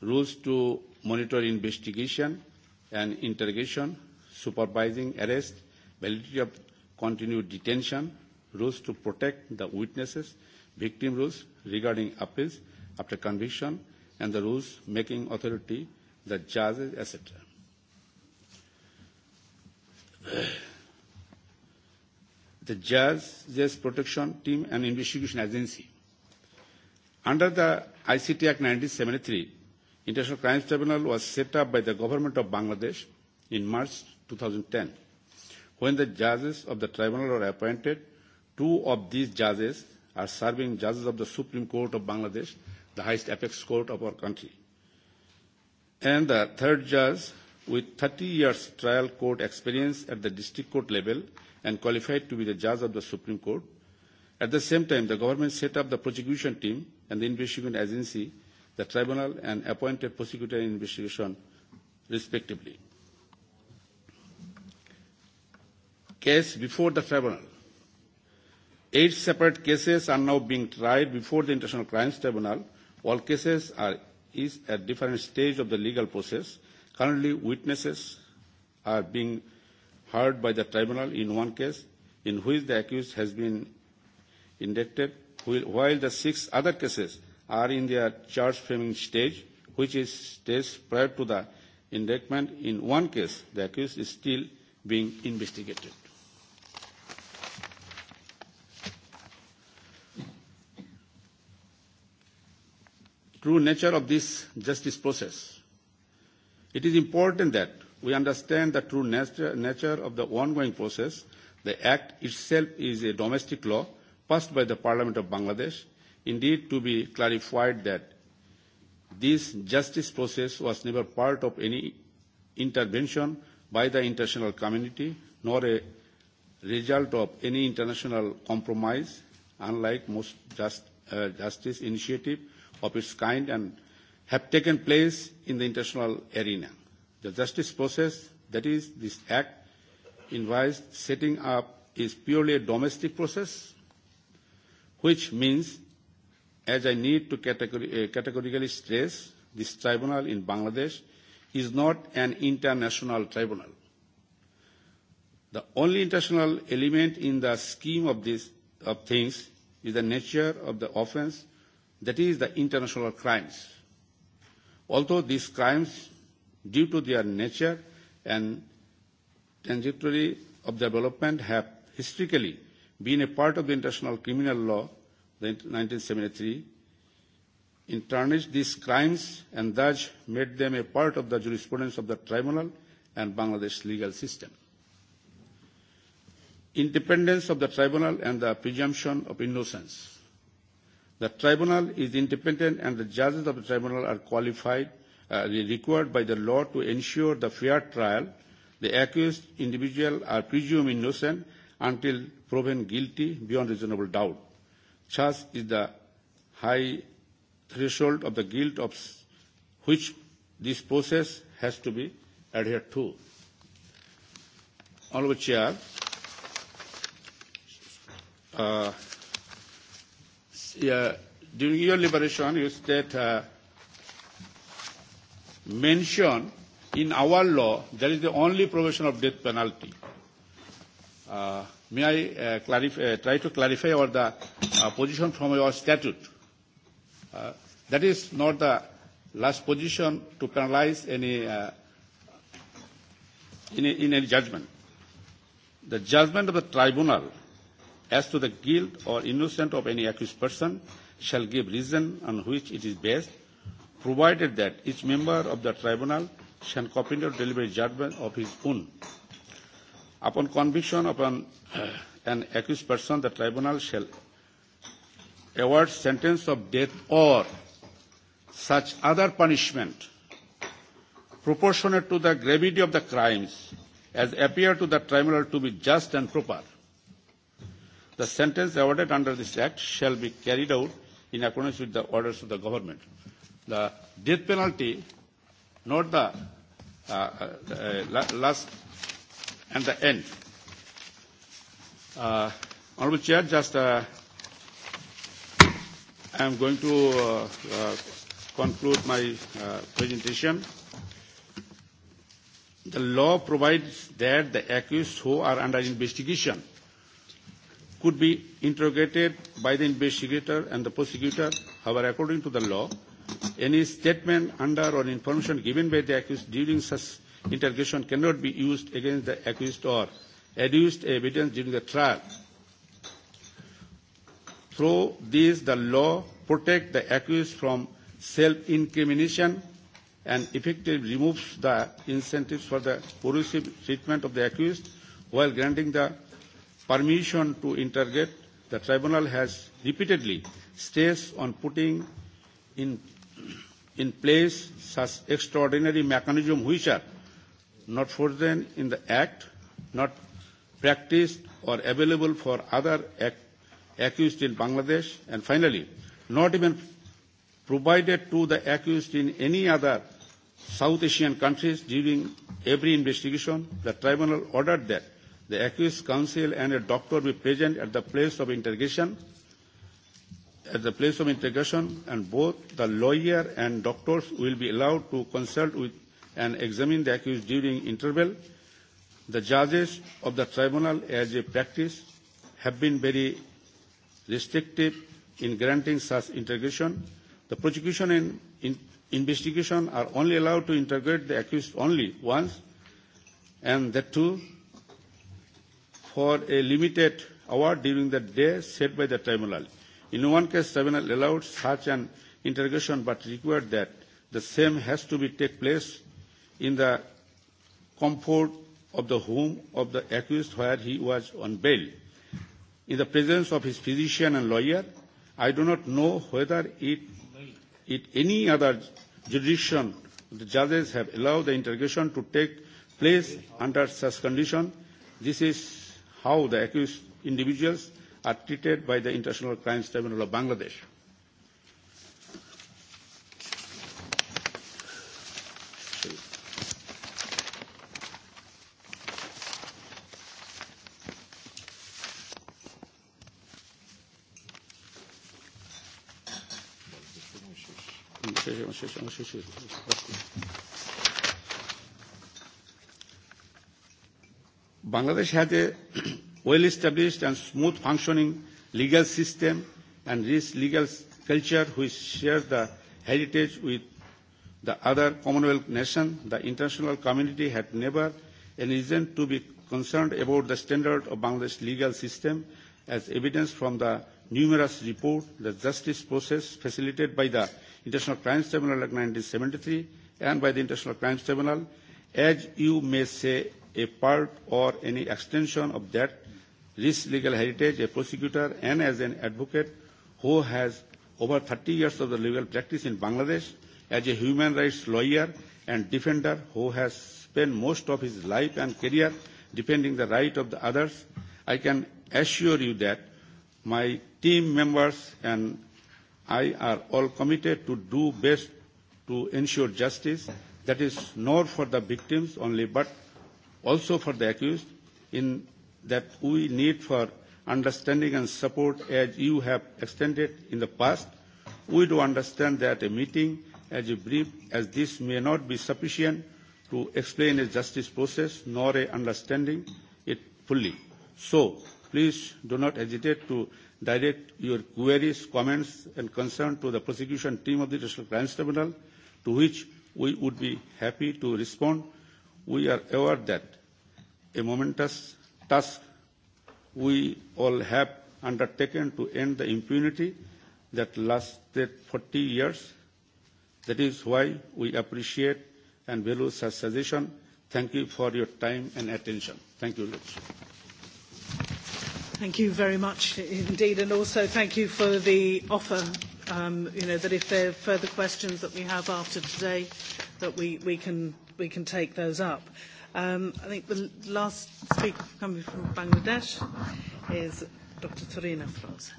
rules to monitor investigation and interrogation, supervising arrest, validity of continued detention, rules to protect the witnesses, victim rules regarding appeals, after conviction and the rules making authority, the judges, etc. the judges protection team and investigation agency. Under the ICT Act 1973, International Crimes Tribunal was set up by the government of Bangladesh in March 2010. When the judges of the tribunal are appointed, two of these judges are serving judges of the Supreme Court of Bangladesh the highest apex court of our country. And the third judge with 30 years trial court experience at the district court level and qualified to be the judge of the Supreme Court. At the same time, the government set up the prosecution team and the investigation agency, the tribunal and appointed prosecutor in investigation respectively. Case before the tribunal. Eight separate cases are now being tried before the International Crimes Tribunal All cases are is at different stage of the legal process. Currently, witnesses are being heard by the tribunal in one case in which the accused has been indicted, while the six other cases are in their charge framing stage, which is stage prior to the indictment. In one case, the accused is still being investigated. true nature of this justice process. It is important that we understand the true nature, of the ongoing process. The Act itself is a domestic law passed by the Parliament of Bangladesh. Indeed, to be clarified that this justice process was never part of any intervention by the international community, nor a result of any international compromise, unlike most just, uh, justice initiative of its kind and have taken place in the international arena. The justice process, that is, this act, invites setting up is purely a domestic process, which means, as I need to categori uh, categorically stress, this tribunal in Bangladesh is not an international tribunal. The only international element in the scheme of, this, of things is the nature of the offense that is the international crimes. Although these crimes, due to their nature and trajectory of development, have historically been a part of the international criminal law, the 1973, internalized these crimes and thus made them a part of the jurisprudence of the tribunal and Bangladesh legal system. Independence of the tribunal and the presumption of innocence The tribunal is independent and the judges of the tribunal are qualified, uh, required by the law to ensure the fair trial. The accused individual are presumed innocent until proven guilty beyond reasonable doubt. Thus is the high threshold of the guilt of which this process has to be adhered to. Honorable Chair, uh, Yeah, during your liberation, you state uh, mention in our law there is the only provision of death penalty. Uh, may I uh, clarify, uh, try to clarify or the uh, position from your statute? Uh, that is not the last position to penalize any, uh, in, a, in any judgment. The judgment of the tribunal as to the guilt or innocence of any accused person shall give reason on which it is based, provided that each member of the tribunal shall copy or deliberate judgment of his own. Upon conviction of an, uh, an accused person, the tribunal shall award sentence of death or such other punishment proportionate to the gravity of the crimes as appear to the tribunal to be just and proper. The sentence awarded under this Act shall be carried out in accordance with the orders of the government. The death penalty, not the uh, uh, uh, last and the end. Uh, Honorable Chair, just uh, I am going to uh, uh, conclude my uh, presentation. The law provides that the accused who are under investigation could be interrogated by the investigator and the prosecutor. However, according to the law, any statement under or information given by the accused during such interrogation cannot be used against the accused or adduced evidence during the trial. Through this, the law protects the accused from self-incrimination and effectively removes the incentives for the coercive treatment of the accused while granting the permission to interrogate, the tribunal has repeatedly stressed on putting in, in place such extraordinary mechanisms which are not foreseen in the Act, not practiced or available for other ac accused in Bangladesh, and finally, not even provided to the accused in any other South Asian countries during every investigation, the tribunal ordered that The accused counsel and a doctor be present at the place of interrogation at the place of interrogation and both the lawyer and doctors will be allowed to consult with and examine the accused during interval. The judges of the tribunal as a practice have been very restrictive in granting such interrogation. The prosecution and in investigation are only allowed to interrogate the accused only once and that too for a limited hour during the day set by the tribunal. In one case, tribunal allowed such an interrogation but required that the same has to be take place in the comfort of the home of the accused where he was on bail. In the presence of his physician and lawyer, I do not know whether it, it any other jurisdiction the judges have allowed the interrogation to take place under such condition. This is how the accused individuals are treated by the International Crimes Tribunal of Bangladesh. Thank you. Bangladesh had a well-established and smooth-functioning legal system and this legal culture which shares the heritage with the other Commonwealth nation. The international community had never a reason to be concerned about the standard of Bangladesh legal system as evidenced from the numerous reports, the justice process facilitated by the International Crimes Tribunal Act 1973 and by the International Crimes Tribunal, as you may say a part or any extension of that rich legal heritage, a prosecutor and as an advocate who has over 30 years of the legal practice in Bangladesh, as a human rights lawyer and defender who has spent most of his life and career defending the right of the others, I can assure you that my team members and I are all committed to do best to ensure justice that is not for the victims only but Also for the accused, in that we need for understanding and support as you have extended in the past, we do understand that a meeting as a brief as this may not be sufficient to explain a justice process nor a understanding it fully. So please do not hesitate to direct your queries, comments and concern to the prosecution team of the District Crimes Tribunal to which we would be happy to respond we are aware that a momentous task we all have undertaken to end the impunity that lasted 40 years. That is why we appreciate and value such suggestion. Thank you for your time and attention. Thank you. Thank you very much indeed, and also thank you for the offer. Um, you know that if there are further questions that we have after today, that we, we can we can take those up. Um, I think the last speaker coming from Bangladesh is Dr. Torina Flores.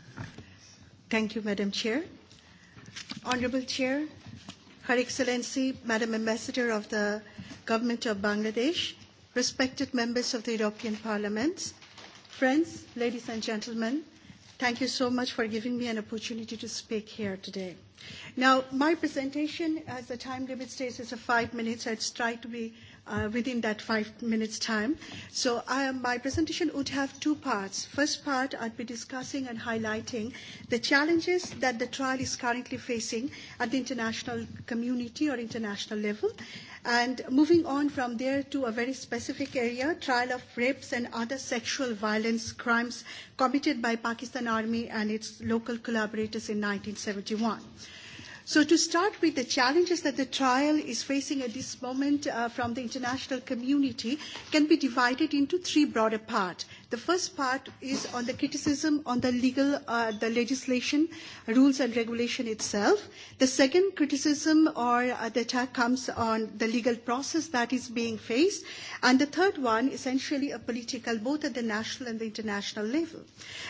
Thank you, Madam Chair. Honorable Chair, Her Excellency, Madam Ambassador of the Government of Bangladesh, respected members of the European Parliament, friends, ladies and gentlemen, Thank you so much for giving me an opportunity to speak here today. Now, my presentation, as the time limit states, is a five minutes. I'd try to be uh, within that five minutes time. So I, uh, my presentation would have two parts. First part, I'd be discussing and highlighting the challenges that the trial is currently facing at the international community or international level. And moving on from there to a very specific area, trial of rapes and other sexual violence crimes committed by Pakistan Army and its local collaborators in 1971. So to start with the challenges that the trial is facing at this moment uh, from the international community can be divided into three broader parts. The first part is on the criticism on the legal, uh, the legislation, rules and regulation itself. The second criticism or uh, the attack comes on the legal process that is being faced. And the third one, essentially a political, both at the national and the international level.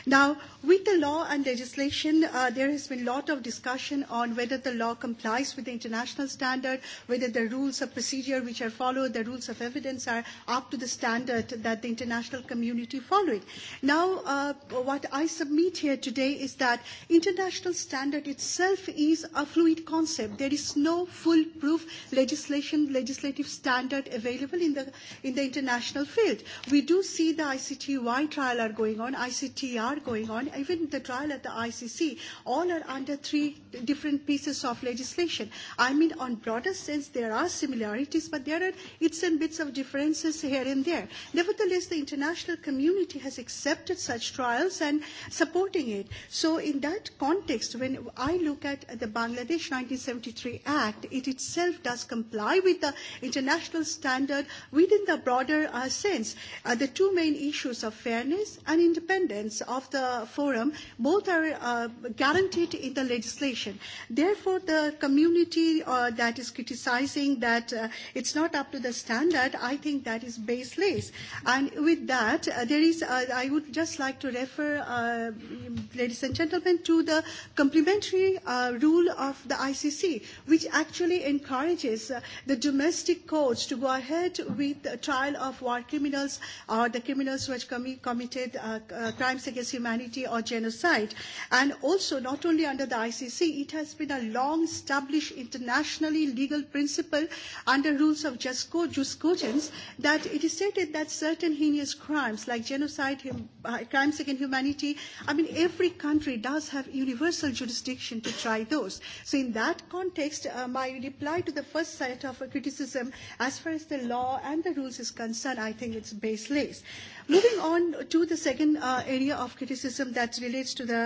Now, with the law and legislation, uh, there has been a lot of discussion on whether the law complies with the international standard, whether the rules of procedure which are followed, the rules of evidence are up to the standard that the international community follows following. Now, uh, what I submit here today is that international standard itself is a fluid concept. There is no foolproof legislation, legislative standard available in the, in the international field. We do see the ICTY trial are going on, ICTR going on, even the trial at the ICC. All are under three different pieces of legislation. I mean, on broader sense, there are similarities, but there are its and bits of differences here and there. Nevertheless, the international community community has accepted such trials and supporting it. So in that context, when I look at the Bangladesh 1973 Act, it itself does comply with the international standard within the broader uh, sense. Uh, the two main issues of fairness and independence of the forum, both are uh, guaranteed in the legislation. Therefore, the community uh, that is criticizing that uh, it's not up to the standard, I think that is baseless. And with that, uh, there colleagues, uh, I would just like to refer, uh, ladies and gentlemen, to the complementary uh, rule of the ICC, which actually encourages uh, the domestic courts to go ahead with the trial of war criminals or the criminals which com committed uh, uh, crimes against humanity or genocide. And also, not only under the ICC, it has been a long-established internationally legal principle under rules of just, co just that it is stated that certain heinous crimes like genocide, hum, uh, crimes against humanity. I mean, every country does have universal jurisdiction to try those. So in that context, uh, my reply to the first set of criticism, as far as the law and the rules is concerned, I think it's baseless. Moving on to the second uh, area of criticism that relates to the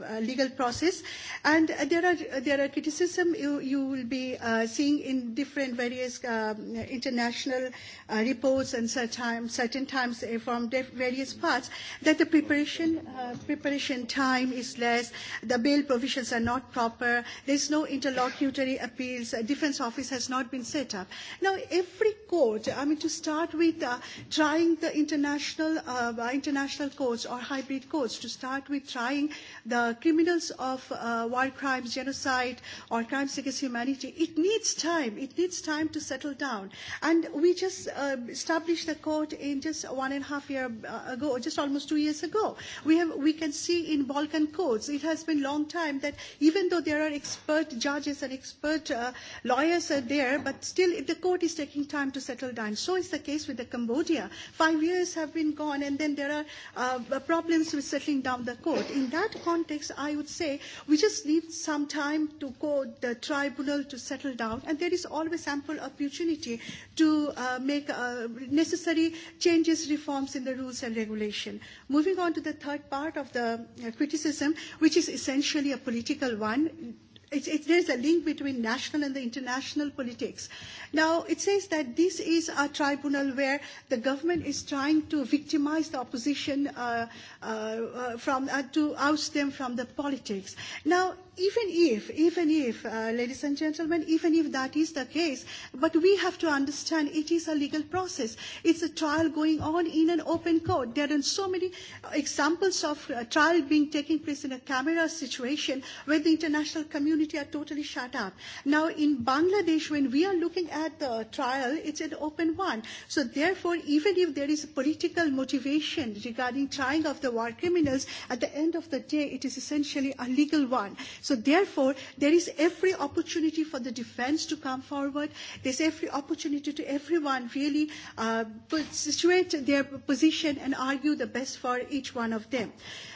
uh, uh legal process, and uh there are there are criticism you, you will be uh, seeing in different various um, international uh, reports and certain certain times eh, from various parts that the preparation uh, preparation time is less, the bail provisions are not proper, there is no interlocutory appeals, a defence office has not been set up. Now every court, I mean to start with, uh, trying the international national, uh, uh, international courts or hybrid courts to start with trying the criminals of uh, war crimes, genocide, or crimes against humanity. It needs time. It needs time to settle down. And we just uh, established the court in just one and a half year uh, ago, just almost two years ago. We, have, we can see in Balkan courts, it has been a long time that even though there are expert judges and expert uh, lawyers are there, but still the court is taking time to settle down. So is the case with the Cambodia. Five years have been been gone, and then there are uh, problems with settling down the court. In that context, I would say we just need some time to go the tribunal to settle down, and there is always ample opportunity to uh, make uh, necessary changes, reforms in the rules and regulation. Moving on to the third part of the uh, criticism, which is essentially a political one, It, it, there's a link between national and the international politics. Now, it says that this is a tribunal where the government is trying to victimize the opposition uh, uh, uh from, uh, to oust them from the politics. Now, even if, even if, uh, ladies and gentlemen, even if that is the case, but we have to understand it is a legal process. It's a trial going on in an open court. There are so many examples of a uh, trial being taking place in a camera situation where the international community are totally shut up. Now, in Bangladesh, when we are looking at the trial, it's an open one. So therefore, even if there is political motivation regarding trying of the war criminals, at the end of the day, it is essentially a legal one. So therefore, there is every opportunity for the defense to come forward. There's every opportunity to everyone really uh, situate their position and argue the best for each one of them.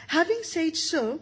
Having said so,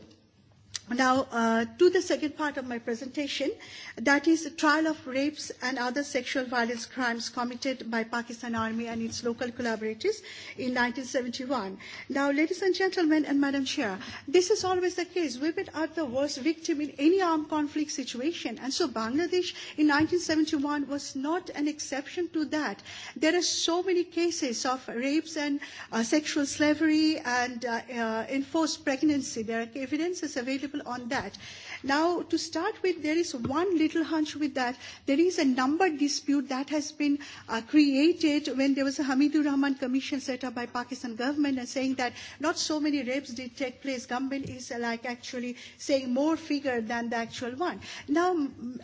Now, uh, to the second part of my presentation, that is the trial of rapes and other sexual violence crimes committed by Pakistan Army and its local collaborators in 1971. Now, ladies and gentlemen and Madam Chair, this is always the case. Women are the worst victim in any armed conflict situation. And so Bangladesh in 1971 was not an exception to that. There are so many cases of rapes and uh, sexual slavery and uh, uh, enforced pregnancy. There are evidences available on that. Now, to start with, there is one little hunch with that. There is a number dispute that has been uh, created when there was a Hamidur Rahman commission set up by Pakistan government and saying that not so many rapes did take place. Government is uh, like actually saying more figure than the actual one. Now,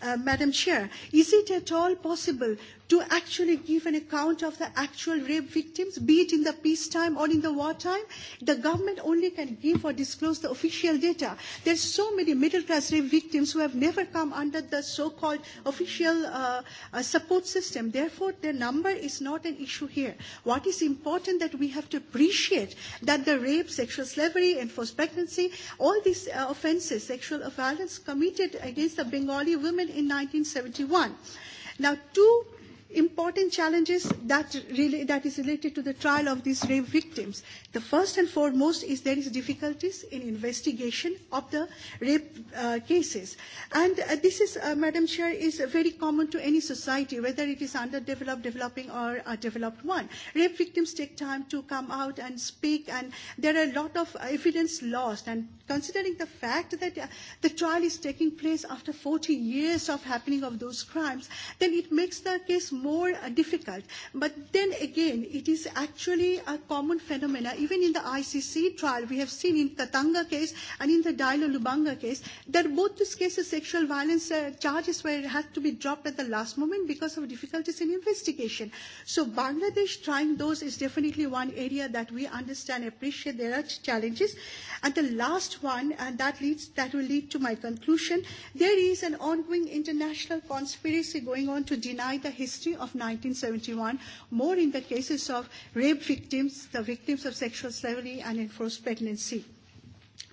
uh, Madam Chair, is it at all possible to actually give an account of the actual rape victims, be it in the peacetime or in the wartime. The government only can give or disclose the official data. There's so many middle-class rape victims who have never come under the so-called official uh, uh, support system. Therefore, their number is not an issue here. What is important that we have to appreciate that the rape, sexual slavery, enforced pregnancy, all these uh, offenses, sexual violence committed against the Bengali women in 1971. Now, two important challenges that, really, that is related to the trial of these rape victims. The first and foremost is there is difficulties in investigation of the rape uh, cases. And uh, this is, uh, Madam Chair, is very common to any society, whether it is underdeveloped, developing, or a developed one. Rape victims take time to come out and speak, and there are a lot of evidence lost. And considering the fact that uh, the trial is taking place after 40 years of happening of those crimes, then it makes the case more uh, difficult. But then again, it is actually a common phenomena. Even in the ICC trial, we have seen in Katanga case and in the Dailo Lubanga case that both these cases, sexual violence uh, charges were had to be dropped at the last moment because of difficulties in investigation. So Bangladesh trying those is definitely one area that we understand, appreciate. There are challenges. And the last one, and that leads, that will lead to my conclusion. There is an ongoing international conspiracy going on to deny the history Registry of 1971, more in the cases of rape victims, the victims of sexual slavery and enforced pregnancy.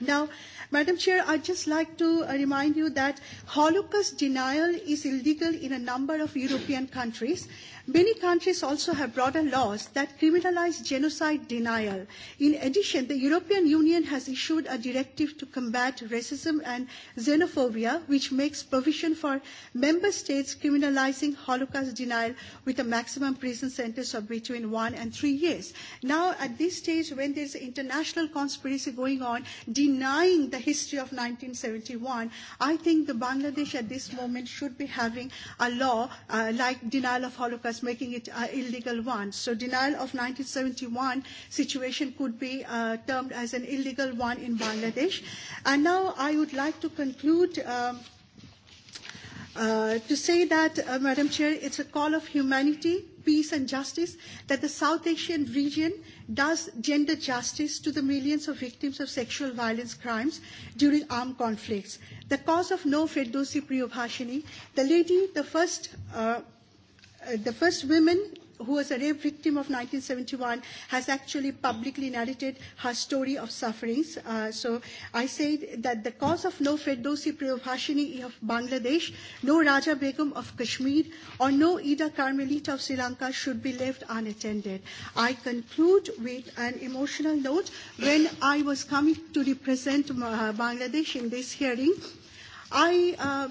Now, Madam Chair, I'd just like to uh, remind you that Holocaust denial is illegal in a number of European countries Many countries also have broader laws that criminalize genocide denial. In addition, the European Union has issued a directive to combat racism and xenophobia, which makes provision for member states criminalizing Holocaust denial with a maximum prison sentence of between one and three years. Now, at this stage, when there's international conspiracy going on denying the history of 1971, I think the Bangladesh at this moment should be having a law uh, like denial of Holocaust as making it uh, illegal one. So denial of 1971 situation could be uh, termed as an illegal one in Bangladesh. And now I would like to conclude um, uh, to say that, uh, Madam Chair, it's a call of humanity peace and justice, that the South Asian region does gender justice to the millions of victims of sexual violence crimes during armed conflicts. The cause of No Ferdowsi Priyobhashini, the lady, the first uh, Uh, the first woman who was a rape victim of 1971, has actually publicly narrated her story of sufferings. Uh, so I say that the cause of no Ferdowsi Priyobhashini of Bangladesh, no Raja Begum of Kashmir, or no Ida Carmelita of Sri Lanka should be left unattended. I conclude with an emotional note. When I was coming to represent uh, Bangladesh in this hearing, I... Uh,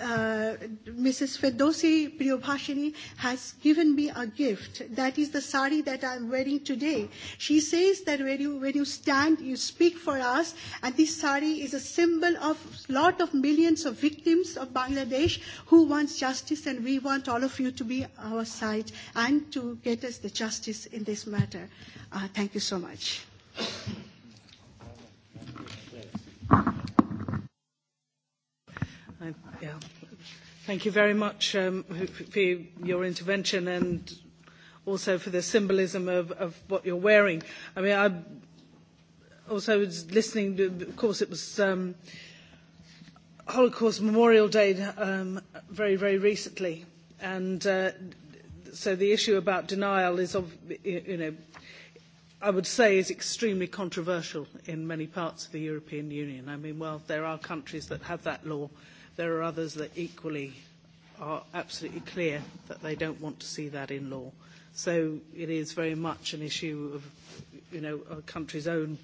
uh, Mrs. Fedosi Priyopashini has given me a gift. That is the sari that I'm wearing today. She says that when you, when you stand, you speak for us, and this sari is a symbol of a lot of millions of victims of Bangladesh who wants justice, and we want all of you to be our side and to get us the justice in this matter. Uh, thank you so much. I, yeah. Thank you very much um, for your intervention and also for the symbolism of, of what you're wearing. I mean, I also was listening, to, of course, it was um, Holocaust Memorial Day um, very, very recently. And uh, so the issue about denial is, of, you know, I would say is extremely controversial in many parts of the European Union. I mean, well, there are countries that have that law There are others that equally are absolutely clear that they don't want to see that in law. So it is very much an issue of you know, a country's own,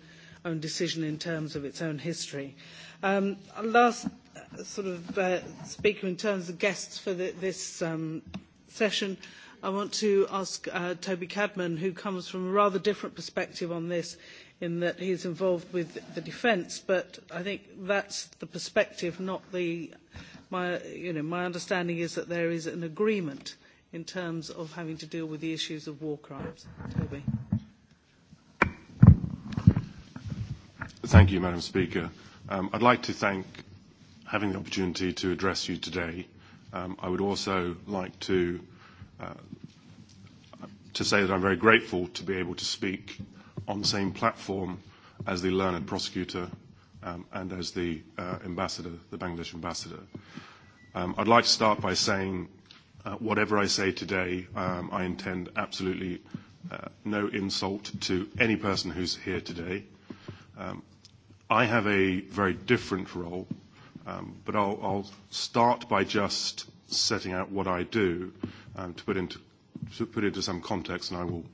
own decision in terms of its own history. Um, last uh, sort of uh, speaker in terms of guests for the, this um, session, I want to ask uh, Toby Cadman, who comes from a rather different perspective on this in that he's involved with the defence, but I think that's the perspective, not the, my, you know, my understanding is that there is an agreement in terms of having to deal with the issues of war crimes. Toby. Thank you, Madam Speaker. Um, I'd like to thank having the opportunity to address you today. Um, I would also like to, uh, to say that I'm very grateful to be able to speak on the same platform as the learned prosecutor um, and as the uh, ambassador, the Bangladesh ambassador. Um, I'd like to start by saying uh, whatever I say today, um, I intend absolutely uh, no insult to any person who's here today. Um, I have a very different role, um, but I'll, I'll start by just setting out what I do um, to, put into, to put into some context, and I will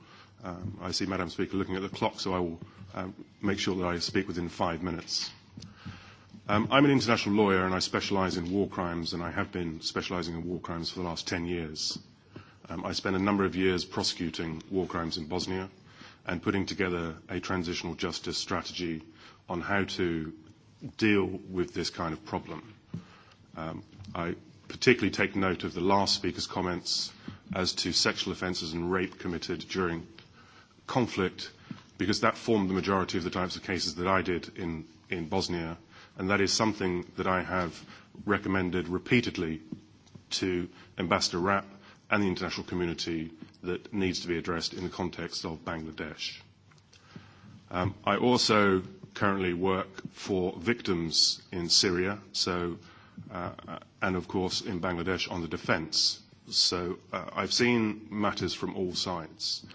Um, I see Madam Speaker looking at the clock, so I will um, make sure that I speak within five minutes. Um, I'm an international lawyer and I specialize in war crimes, and I have been specializing in war crimes for the last 10 years. Um, I spent a number of years prosecuting war crimes in Bosnia and putting together a transitional justice strategy on how to deal with this kind of problem. Um, I particularly take note of the last speaker's comments as to sexual offences and rape committed during conflict because that formed the majority of the types of cases that I did in, in Bosnia. And that is something that I have recommended repeatedly to Ambassador Rapp and the international community that needs to be addressed in the context of Bangladesh. Um, I also currently work for victims in Syria, so, uh, and of course in Bangladesh on the defense. So uh, I've seen matters from all sides.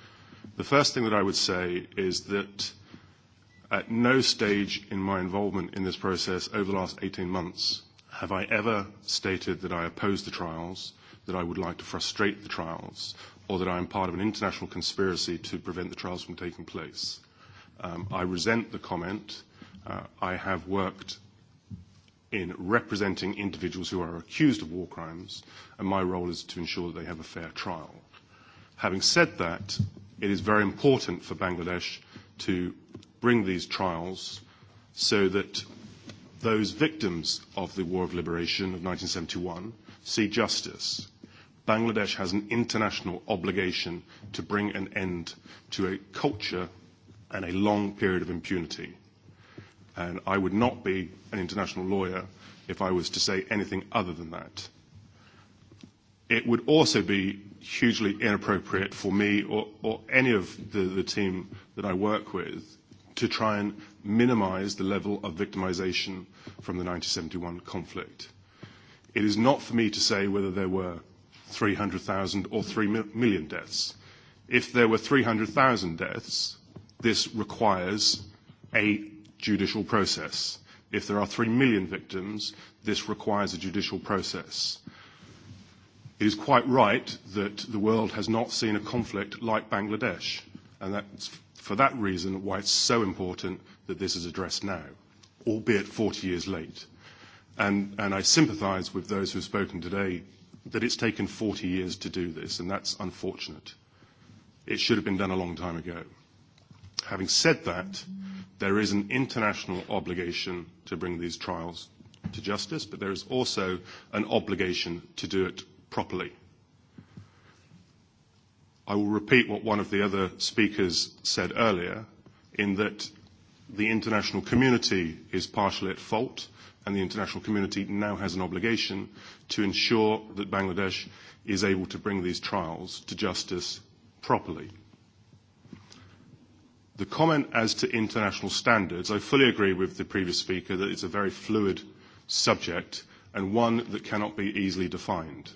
The first thing that I would say is that at no stage in my involvement in this process over the last 18 months have I ever stated that I oppose the trials, that I would like to frustrate the trials, or that I am part of an international conspiracy to prevent the trials from taking place. Um, I resent the comment. Uh, I have worked in representing individuals who are accused of war crimes, and my role is to ensure that they have a fair trial. Having said that, it is very important for Bangladesh to bring these trials so that those victims of the War of Liberation of 1971 see justice. Bangladesh has an international obligation to bring an end to a culture and a long period of impunity. And I would not be an international lawyer if I was to say anything other than that it would also be hugely inappropriate for me or, or any of the, the team that I work with to try and minimize the level of victimization from the 1971 conflict. It is not for me to say whether there were 300,000 or 3 million deaths. If there were 300,000 deaths, this requires a judicial process. If there are 3 million victims, this requires a judicial process. It is quite right that the world has not seen a conflict like Bangladesh, and that's for that reason why it's so important that this is addressed now, albeit 40 years late. And, and I sympathise with those who have spoken today that it's taken 40 years to do this, and that's unfortunate. It should have been done a long time ago. Having said that, there is an international obligation to bring these trials to justice, but there is also an obligation to do it properly. I will repeat what one of the other speakers said earlier, in that the international community is partially at fault, and the international community now has an obligation to ensure that Bangladesh is able to bring these trials to justice properly. The comment as to international standards, I fully agree with the previous speaker that it's a very fluid subject and one that cannot be easily defined.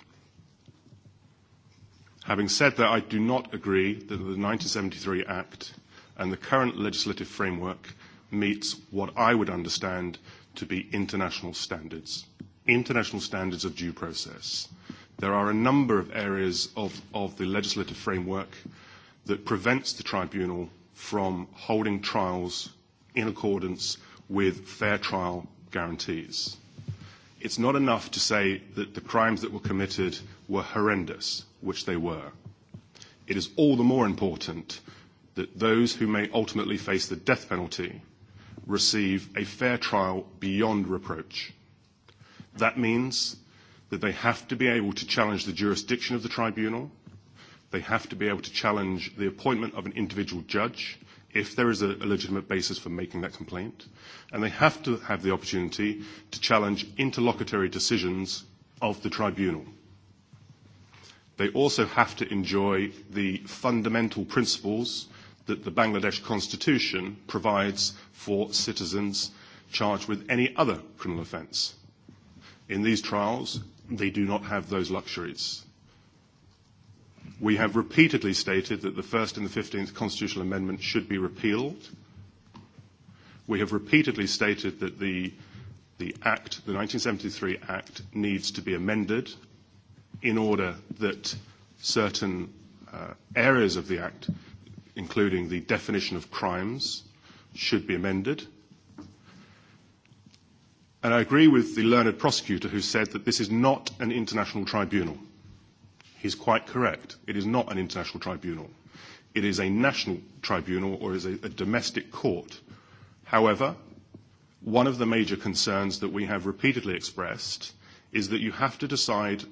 Having said that, I do not agree that the 1973 Act and the current legislative framework meets what I would understand to be international standards, international standards of due process. There are a number of areas of, of the legislative framework that prevents the tribunal from holding trials in accordance with fair trial guarantees. It's not enough to say that the crimes that were committed were horrendous, which they were. It is all the more important that those who may ultimately face the death penalty receive a fair trial beyond reproach. That means that they have to be able to challenge the jurisdiction of the tribunal, they have to be able to challenge the appointment of an individual judge if there is a, legitimate basis for making that complaint, and they have to have the opportunity to challenge interlocutory decisions of the tribunal. They also have to enjoy the fundamental principles that the Bangladesh Constitution provides for citizens charged with any other criminal offence. In these trials, they do not have those luxuries. We have repeatedly stated that the first and the 15th constitutional amendment should be repealed. We have repeatedly stated that the, the Act, the 1973 Act, needs to be amended in order that certain uh, areas of the Act, including the definition of crimes, should be amended. And I agree with the learned prosecutor who said that this is not an international tribunal. He's quite correct. It is not an international tribunal. It is a national tribunal or is a, a domestic court. However, one of the major concerns that we have repeatedly expressed is that you have to decide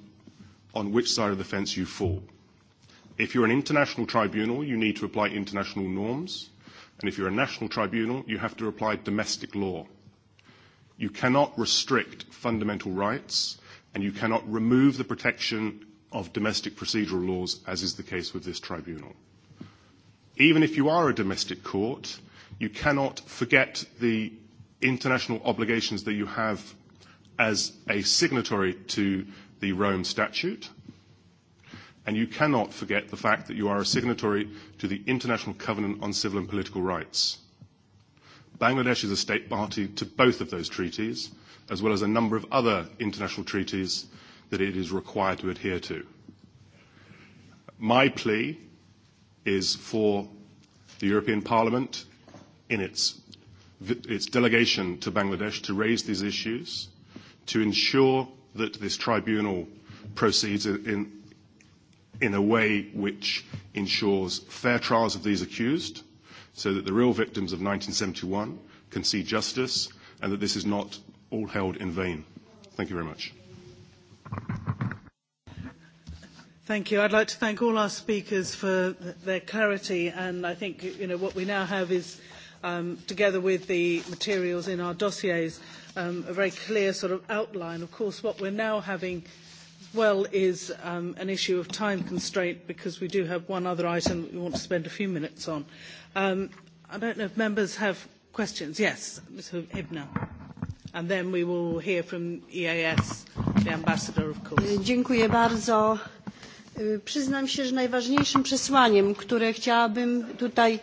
on which side of the fence you fall. If you're an international tribunal, you need to apply international norms. And if you're a national tribunal, you have to apply domestic law. You cannot restrict fundamental rights, and you cannot remove the protection of domestic procedural laws, as is the case with this tribunal. Even if you are a domestic court, you cannot forget the international obligations that you have as a signatory to the Rome Statute, and you cannot forget the fact that you are a signatory to the International Covenant on Civil and Political Rights. Bangladesh is a state party to both of those treaties, as well as a number of other international treaties that it is required to adhere to. My plea is for the European Parliament in its, its delegation to Bangladesh to raise these issues, to ensure that this tribunal proceeds in, in, in a way which ensures fair trials of these accused so that the real victims of 1971 can see justice and that this is not all held in vain. Thank you very much. Thank you. I'd like to thank all our speakers for their clarity and I think you know, what we now have is, um, together with the materials in our dossiers, um, a very clear sort of outline. Of course, what we're now having well is um, an issue of time constraint because we do have one other item that we want to spend a few minutes on. Um, I don't know if members have questions. Yes, Mr. Hibner. And then we will hear from EAS, the ambassador, of course. E, dziękuję bardzo. E, przyznam się, że najważniejszym przesłaniem, które chciałabym tutaj...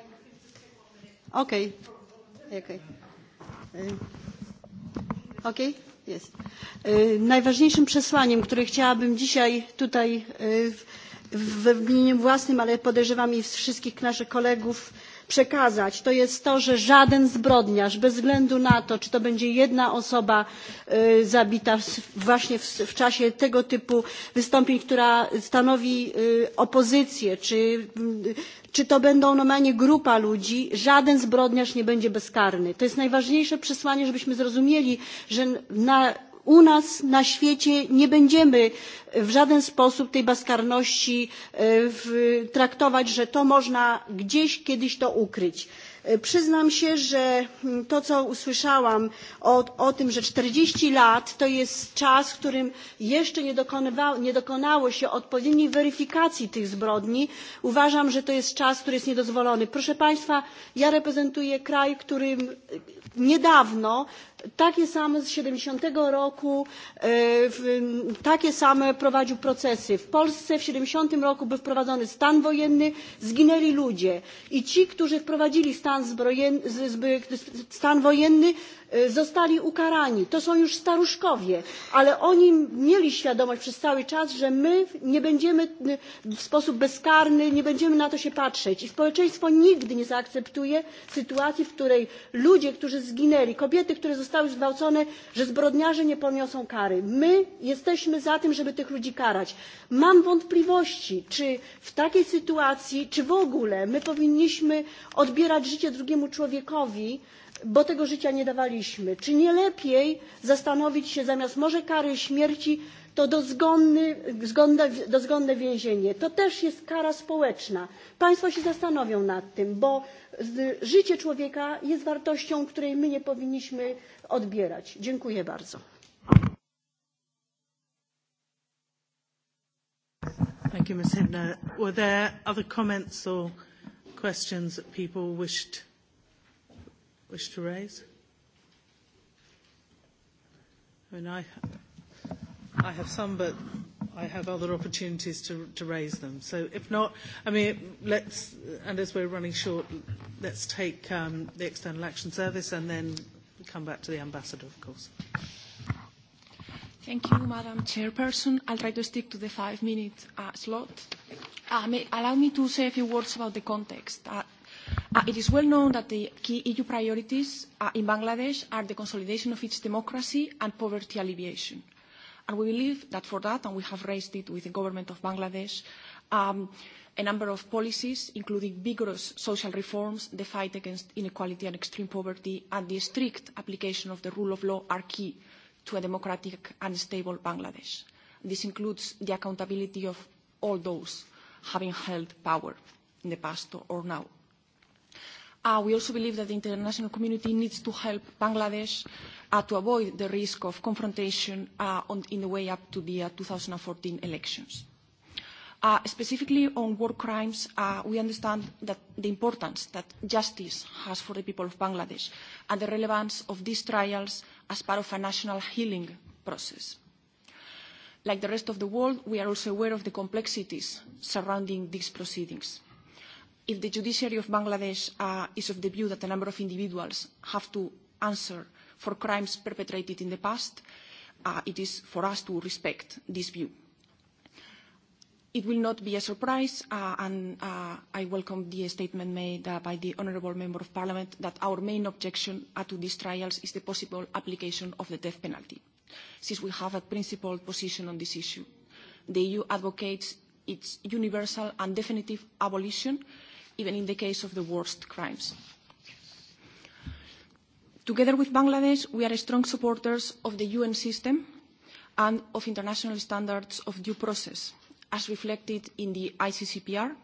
Okej. Okay. Okay. E, E, najważniejszym przesłaniem, które chciałabym dzisiaj tutaj we w imieniu własnym, ale podejrzewam i wszystkich naszych kolegów, przekazać, to jest to, że żaden zbrodniarz, bez względu na to, czy to będzie jedna osoba zabita właśnie w, w czasie tego typu wystąpień, która stanowi opozycję, czy, czy to będą normalnie grupa ludzi, żaden zbrodniarz nie będzie bezkarny. To jest najważniejsze przesłanie, żebyśmy zrozumieli, że na U nas na świecie nie będziemy w żaden sposób tej bezkarności e, traktować, że to można gdzieś kiedyś to ukryć. E, przyznam się, że mm, to, co usłyszałam o, o tym, że 40 lat to jest czas, w którym jeszcze nie, nie dokonało się odpowiedniej weryfikacji tych zbrodni, uważam, że to jest czas, który jest niedozwolony. Proszę Państwa, ja reprezentuję kraj, którym e, niedawno Takie same z 70 roku, e, takie same prowadził procesy. W Polsce w 70 roku był wprowadzony stan wojenny, zginęli ludzie. I ci, którzy wprowadzili stan, zbrojen, stan wojenny, e, zostali ukarani. To są już staruszkowie, ale oni mieli świadomość przez cały czas, że my nie będziemy w sposób bezkarny, nie będziemy na to się patrzeć. I społeczeństwo nigdy nie zaakceptuje sytuacji, w której ludzie, którzy zginęli, kobiety, które zostały zostały zgwałcone, że zbrodniarze nie poniosą kary. My jesteśmy za tym, żeby tych ludzi karać. Mam wątpliwości, czy w takiej sytuacji, czy w ogóle my powinniśmy odbierać życie drugiemu człowiekowi, bo tego życia nie dawaliśmy. Czy nie lepiej zastanowić się zamiast może kary śmierci, to dozgonny, zgonne, dozgonne więzienie. To też jest kara społeczna. Państwo się zastanowią nad tym, bo życie człowieka jest wartością, której my nie powinniśmy odbierać. Dziękuję bardzo. Thank you, Ms. Hibner. Were there other comments or questions that people wished, wished to raise? I mean, I, I have some, but I have other opportunities to, to raise them. So if not, I mean, let's, and as we're running short, let's take um, the External Action Service and then come back to the Ambassador, of course. Thank you, Madam Chairperson. I'll try to stick to the five-minute uh, slot. Uh, may, allow me to say a few words about the context. Uh, uh, it is well known that the key EU priorities uh, in Bangladesh are the consolidation of its democracy and poverty alleviation. And we believe that for that, and we have raised it with the government of Bangladesh, um, a number of policies, including vigorous social reforms, the fight against inequality and extreme poverty, and the strict application of the rule of law are key to a democratic and stable Bangladesh. This includes the accountability of all those having held power in the past or now. Uh, we also believe that the international community needs to help Bangladesh uh, to avoid the risk of confrontation uh, on, in the way up to the uh, 2014 elections. Uh, specifically on war crimes, uh, we understand that the importance that justice has for the people of Bangladesh and the relevance of these trials as part of a national healing process. Like the rest of the world, we are also aware of the complexities surrounding these proceedings. If the judiciary of Bangladesh uh, is of the view that a number of individuals have to answer for crimes perpetrated in the past, uh, it is for us to respect this view. It will not be a surprise, uh, and uh, I welcome the statement made uh, by the Honourable Member of Parliament that our main objection uh, to these trials is the possible application of the death penalty, since we have a principled position on this issue. The EU advocates its universal and definitive abolition, even in the case of the worst crimes. Together with Bangladesh, we are strong supporters of the UN system and of international standards of due process, as reflected in the ICCPR,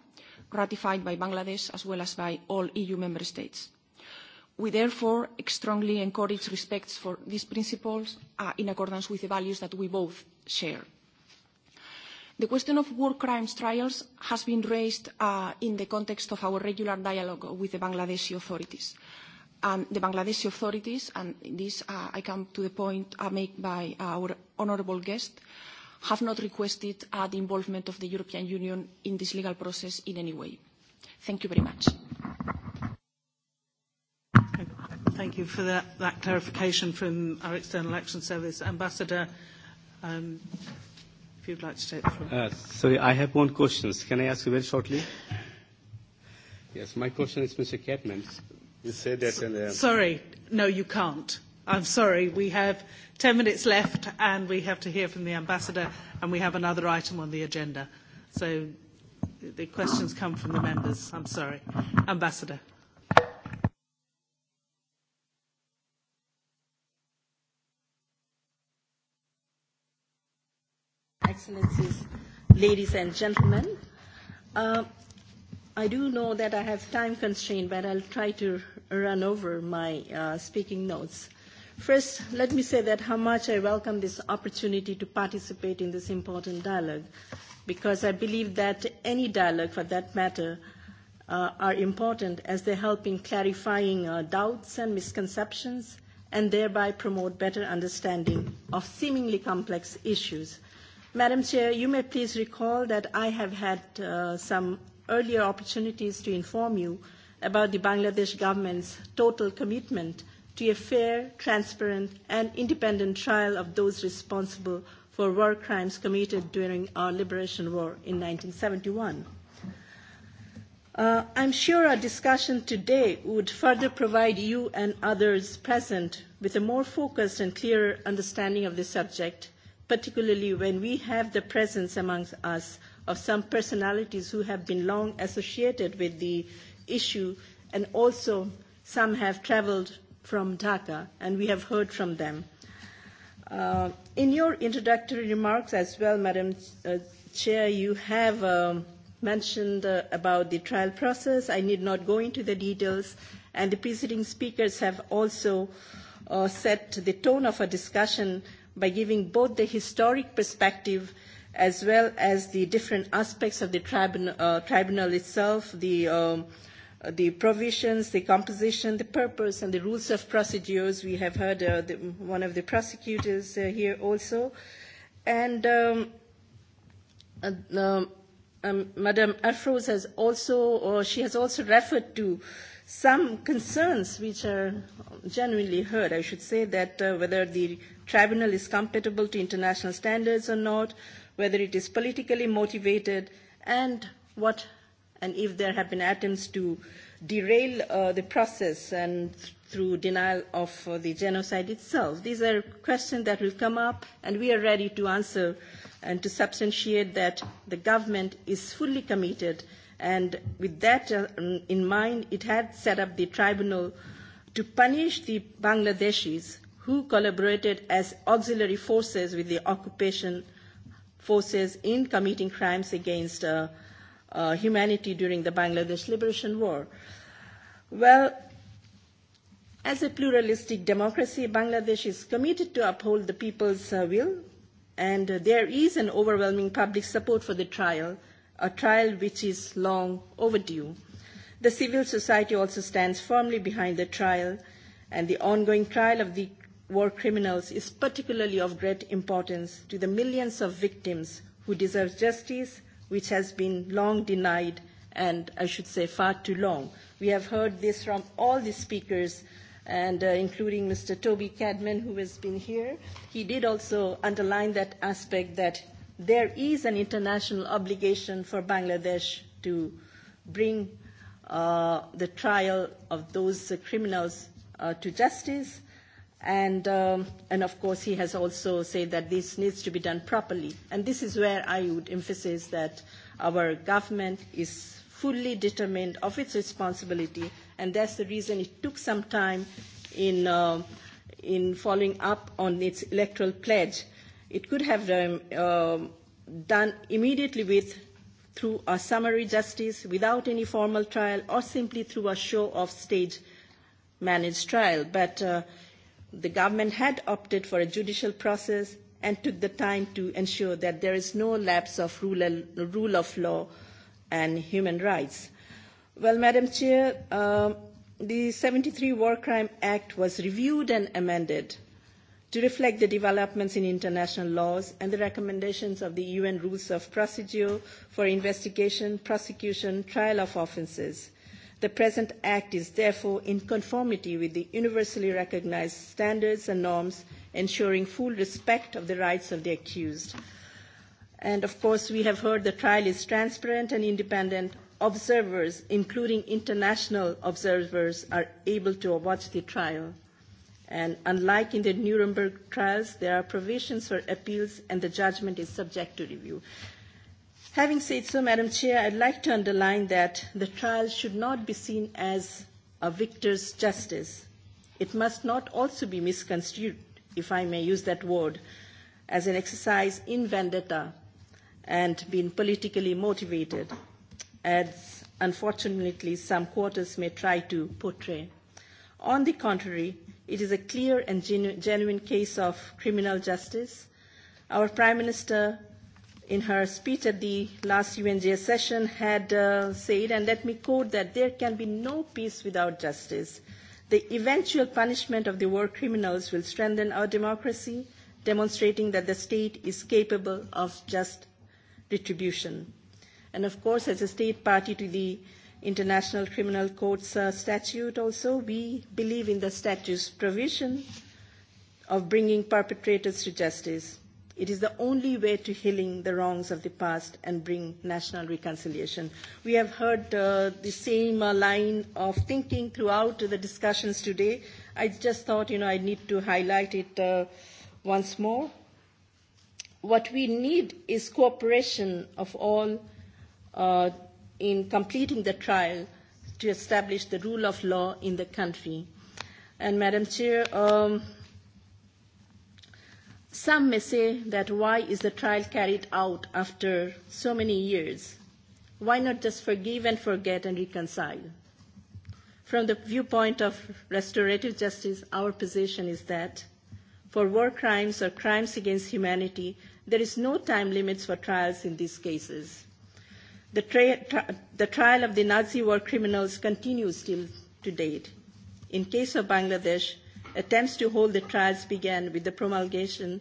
ratified by Bangladesh as well as by all EU member states. We therefore strongly encourage respect for these principles uh, in accordance with the values that we both share. The question of war crimes trials has been raised uh, in the context of our regular dialogue with the Bangladeshi authorities and the Bangladeshi authorities, and this uh, I come to the point uh, made by our honourable guest, have not requested uh, the involvement of the European Union in this legal process in any way. Thank you very much. Thank you for that, that clarification from our External Action Service. Ambassador, um, if you'd like to take the floor. Uh, sorry, I have one question. Can I ask you very shortly? Yes, my question is Mr. Catman. You say that S in the... end. Sorry, no, you can't. I'm sorry, we have 10 minutes left and we have to hear from the ambassador and we have another item on the agenda. So the questions come from the members. I'm sorry. Ambassador. Excellencies, ladies and gentlemen, uh, I do know that I have time constraint, but I'll try to run over my uh, speaking notes. First, let me say that how much I welcome this opportunity to participate in this important dialogue, because I believe that any dialogue, for that matter, uh, are important as they help in clarifying uh, doubts and misconceptions and thereby promote better understanding of seemingly complex issues. Madam Chair, you may please recall that I have had uh, some earlier opportunities to inform you about the Bangladesh government's total commitment to a fair, transparent, and independent trial of those responsible for war crimes committed during our liberation war in 1971. Uh, I'm sure our discussion today would further provide you and others present with a more focused and clearer understanding of the subject, particularly when we have the presence amongst us of some personalities who have been long associated with the issue and also some have traveled from Dhaka and we have heard from them. Uh, in your introductory remarks as well, Madam uh, Chair, you have um, mentioned uh, about the trial process. I need not go into the details. And the preceding speakers have also uh, set the tone of a discussion by giving both the historic perspective as well as the different aspects of the tribunal, uh, tribunal itself, the, um, uh, the provisions, the composition, the purpose, and the rules of procedures. We have heard uh, the, one of the prosecutors uh, here also. And um, uh, um, Madam Afros has also, or she has also referred to some concerns which are genuinely heard. I should say that uh, whether the tribunal is compatible to international standards or not, whether it is politically motivated, and what and if there have been attempts to derail uh, the process and through denial of uh, the genocide itself. These are questions that will come up, and we are ready to answer and to substantiate that the government is fully committed. And with that uh, in mind, it had set up the tribunal to punish the Bangladeshis who collaborated as auxiliary forces with the occupation forces in committing crimes against uh, uh, humanity during the Bangladesh Liberation War. Well, as a pluralistic democracy, Bangladesh is committed to uphold the people's uh, will, and uh, there is an overwhelming public support for the trial, a trial which is long overdue. The civil society also stands firmly behind the trial, and the ongoing trial of the war criminals is particularly of great importance to the millions of victims who deserve justice, which has been long denied, and I should say far too long. We have heard this from all the speakers, and uh, including Mr. Toby Cadman, who has been here. He did also underline that aspect that there is an international obligation for Bangladesh to bring uh, the trial of those uh, criminals uh, to justice And, um, and of course, he has also said that this needs to be done properly. And this is where I would emphasize that our government is fully determined of its responsibility, and that's the reason it took some time in, uh, in following up on its electoral pledge. It could have um, uh, done immediately with through a summary justice without any formal trial or simply through a show of stage managed trial. But uh, the government had opted for a judicial process and took the time to ensure that there is no lapse of rule, of law and human rights. Well, Madam Chair, uh, the 73 War Crime Act was reviewed and amended to reflect the developments in international laws and the recommendations of the UN Rules of Procedure for investigation, prosecution, trial of offences. The present Act is therefore in conformity with the universally recognized standards and norms, ensuring full respect of the rights of the accused. And of course, we have heard the trial is transparent and independent. Observers, including international observers, are able to watch the trial. And unlike in the Nuremberg trials, there are provisions for appeals and the judgment is subject to review. Having said so, Madam Chair, I'd like to underline that the trial should not be seen as a victor's justice. It must not also be misconstrued, if I may use that word, as an exercise in vendetta and being politically motivated, as unfortunately some quarters may try to portray. On the contrary, it is a clear and genu genuine case of criminal justice. Our Prime Minister in her speech at the last UNGS session had uh, said, and let me quote, that there can be no peace without justice. The eventual punishment of the war criminals will strengthen our democracy, demonstrating that the state is capable of just retribution. And of course, as a state party to the International Criminal Court's uh, statute also, we believe in the statute's provision of bringing perpetrators to justice. It is the only way to healing the wrongs of the past and bring national reconciliation. We have heard uh, the same uh, line of thinking throughout the discussions today. I just thought, you know, I need to highlight it uh, once more. What we need is cooperation of all uh, in completing the trial to establish the rule of law in the country. And Madam Chair, um, Some may say that why is the trial carried out after so many years? Why not just forgive and forget and reconcile? From the viewpoint of restorative justice, our position is that for war crimes or crimes against humanity, there is no time limits for trials in these cases. The, tra- tra- the trial of the Nazi war criminals continues till to date. In case of Bangladesh, attempts to hold the trials began with the promulgation,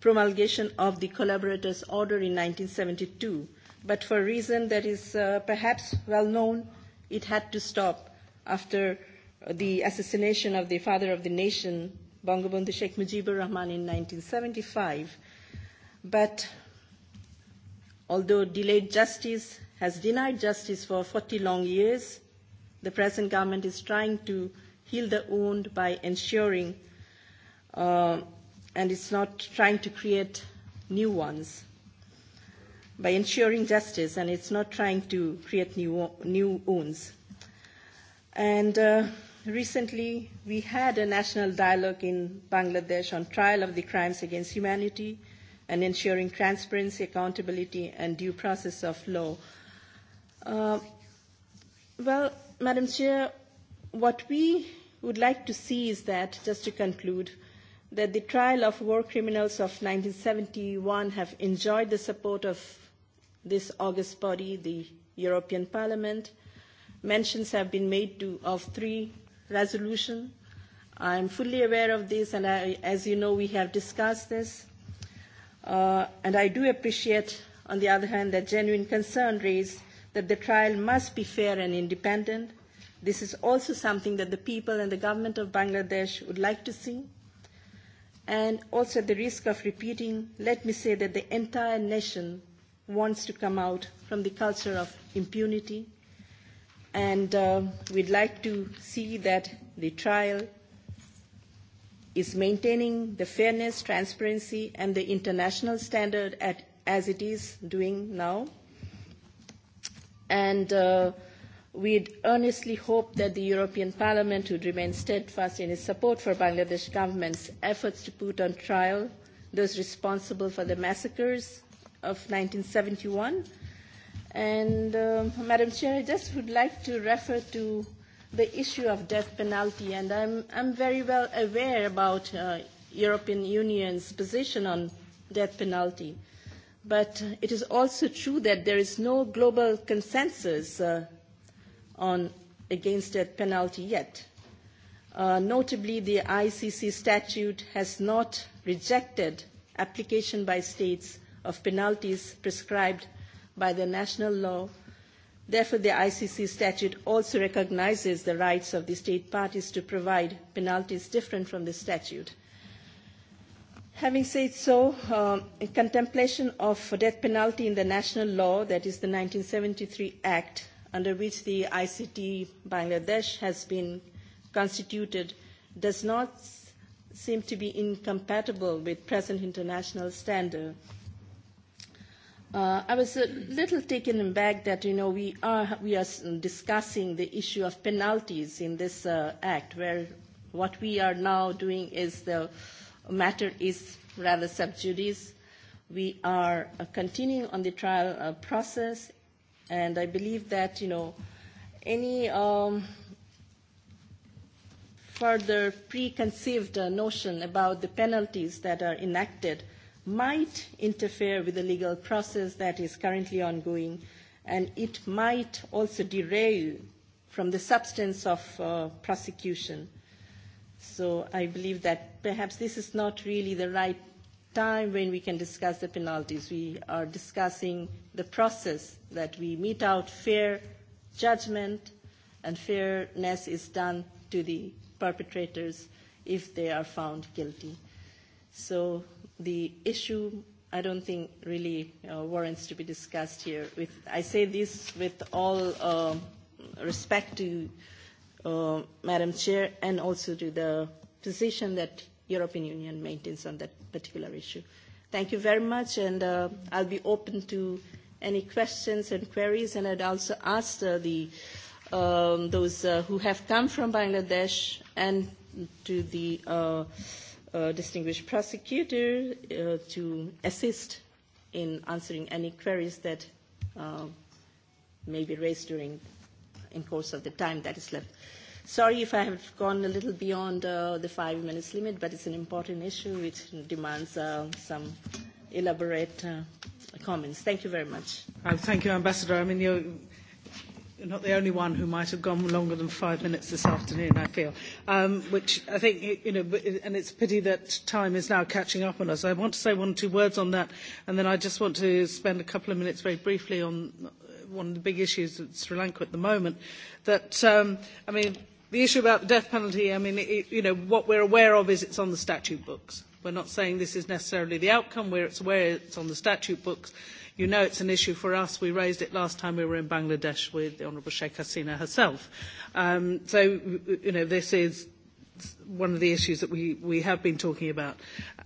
promulgation of the collaborators order in 1972, but for a reason that is uh, perhaps well known, it had to stop after uh, the assassination of the father of the nation, Bangabandhu Sheikh Mujibur Rahman in 1975. But although delayed justice has denied justice for 40 long years, the present government is trying to heal the wound by ensuring, uh, and it's not trying to create new ones, by ensuring justice, and it's not trying to create new, new wounds. And uh, recently, we had a national dialogue in Bangladesh on trial of the crimes against humanity and ensuring transparency, accountability, and due process of law. Uh, well, Madam Chair, what we would like to see is that, just to conclude, that the trial of war criminals of 1971 have enjoyed the support of this august body, the European Parliament. Mentions have been made to, of three resolutions. I am fully aware of this, and I, as you know, we have discussed this. Uh, and I do appreciate, on the other hand, that genuine concern raised that the trial must be fair and independent, This is also something that the people and the government of Bangladesh would like to see. And also at the risk of repeating, let me say that the entire nation wants to come out from the culture of impunity. And uh, we'd like to see that the trial is maintaining the fairness, transparency, and the international standard at, as it is doing now. And uh, We earnestly hope that the European Parliament would remain steadfast in its support for Bangladesh government's efforts to put on trial those responsible for the massacres of 1971. And, uh, Madam Chair, I just would like to refer to the issue of death penalty, and I'm, I'm very well aware about uh, European Union's position on death penalty. But it is also true that there is no global consensus uh, on, against death penalty yet. Uh, notably, the ICC statute has not rejected application by states of penalties prescribed by the national law. Therefore, the ICC statute also recognizes the rights of the state parties to provide penalties different from the statute. Having said so, uh, in contemplation of death penalty in the national law, that is the 1973 Act, under which the ICT Bangladesh has been constituted does not seem to be incompatible with present international standard. Uh, I was a little taken aback that you know we are we are discussing the issue of penalties in this uh, act, where what we are now doing is the matter is rather sub judice. We are uh, continuing on the trial uh, process, And I believe that, you know, any um, further preconceived uh, notion about the penalties that are enacted might interfere with the legal process that is currently ongoing, and it might also derail from the substance of uh, prosecution. So I believe that perhaps this is not really the right time when we can discuss the penalties. We are discussing the process that we meet out fair judgment and fairness is done to the perpetrators if they are found guilty. So the issue I don't think really uh, warrants to be discussed here. With, I say this with all uh, respect to uh, Madam Chair and also to the position that European Union maintains on that particular issue. Thank you very much, and uh, I'll be open to any questions and queries, and I'd also ask uh, the, um, those uh, who have come from Bangladesh and to the uh, uh, distinguished prosecutor uh, to assist in answering any queries that uh, may be raised during in course of the time that is left. Sorry if I have gone a little beyond uh, the five minutes limit, but it's an important issue which demands uh, some elaborate uh, comments. Thank you very much. Uh, thank you, Ambassador. I mean, you're, you're not the only one who might have gone longer than five minutes this afternoon, I feel, um, which I think, you know, and it's a pity that time is now catching up on us. I want to say one or two words on that, and then I just want to spend a couple of minutes very briefly on one of the big issues at Sri Lanka at the moment, that, um, I mean, The issue about the death penalty, I mean, it, you know, what we're aware of is it's on the statute books. We're not saying this is necessarily the outcome. We're aware it's on the statute books. You know it's an issue for us. We raised it last time we were in Bangladesh with the Honourable Sheikh Hasina herself. Um, so, you know, this is one of the issues that we, we have been talking about.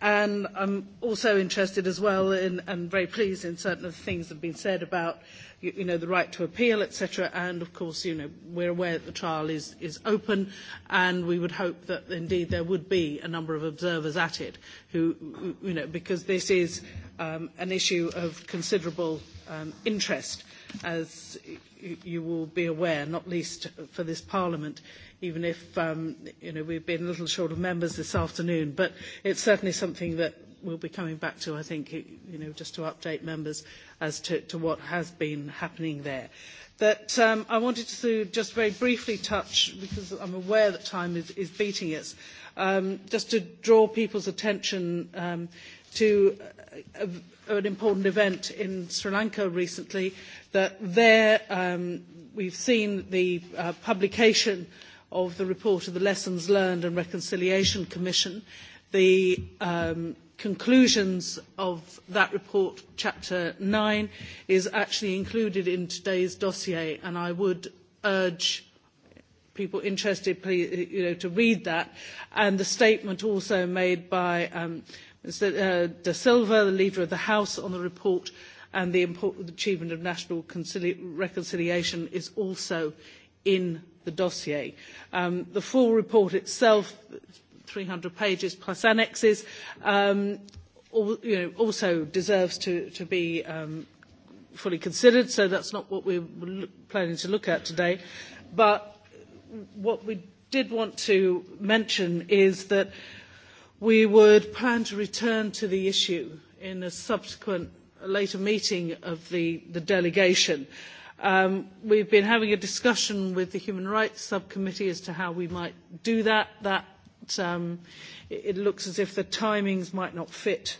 And I'm also interested as well in, and very pleased in certain of the things that have been said about you, you know, the right to appeal, etc. And of course, you know, we're aware that the trial is, is open and we would hope that indeed there would be a number of observers at it who, you know, because this is um, an issue of considerable um, interest as you will be aware, not least for this Parliament, even if um, you know, we've been a little short of members this afternoon. But it's certainly something that we'll be coming back to, I think, you know, just to update members as to, to what has been happening there. But um, I wanted to just very briefly touch, because I'm aware that time is, is beating us, um, just to draw people's attention um, to a, uh, a, uh, an important event in Sri Lanka recently, that there um, we've seen the uh, publication of the report of the Lessons Learned and Reconciliation Commission. The um, conclusions of that report, Chapter 9, is actually included in today's dossier, and I would urge people interested please, you know, to read that, and the statement also made by um, Mr. Uh, De Silva, the leader of the House, on the report, and the important achievement of national concili- reconciliation is also in the dossier. Um, the full report itself 300 pages plus annexes, um, all, you know, also deserves to, to be um, fully considered, so that's not what we're planning to look at today. But what we did want to mention is that we would plan to return to the issue in a subsequent a later meeting of the, the delegation. Um, we've been having a discussion with the Human Rights Subcommittee as to how we might do that. That um, it, it looks as if the timings might not fit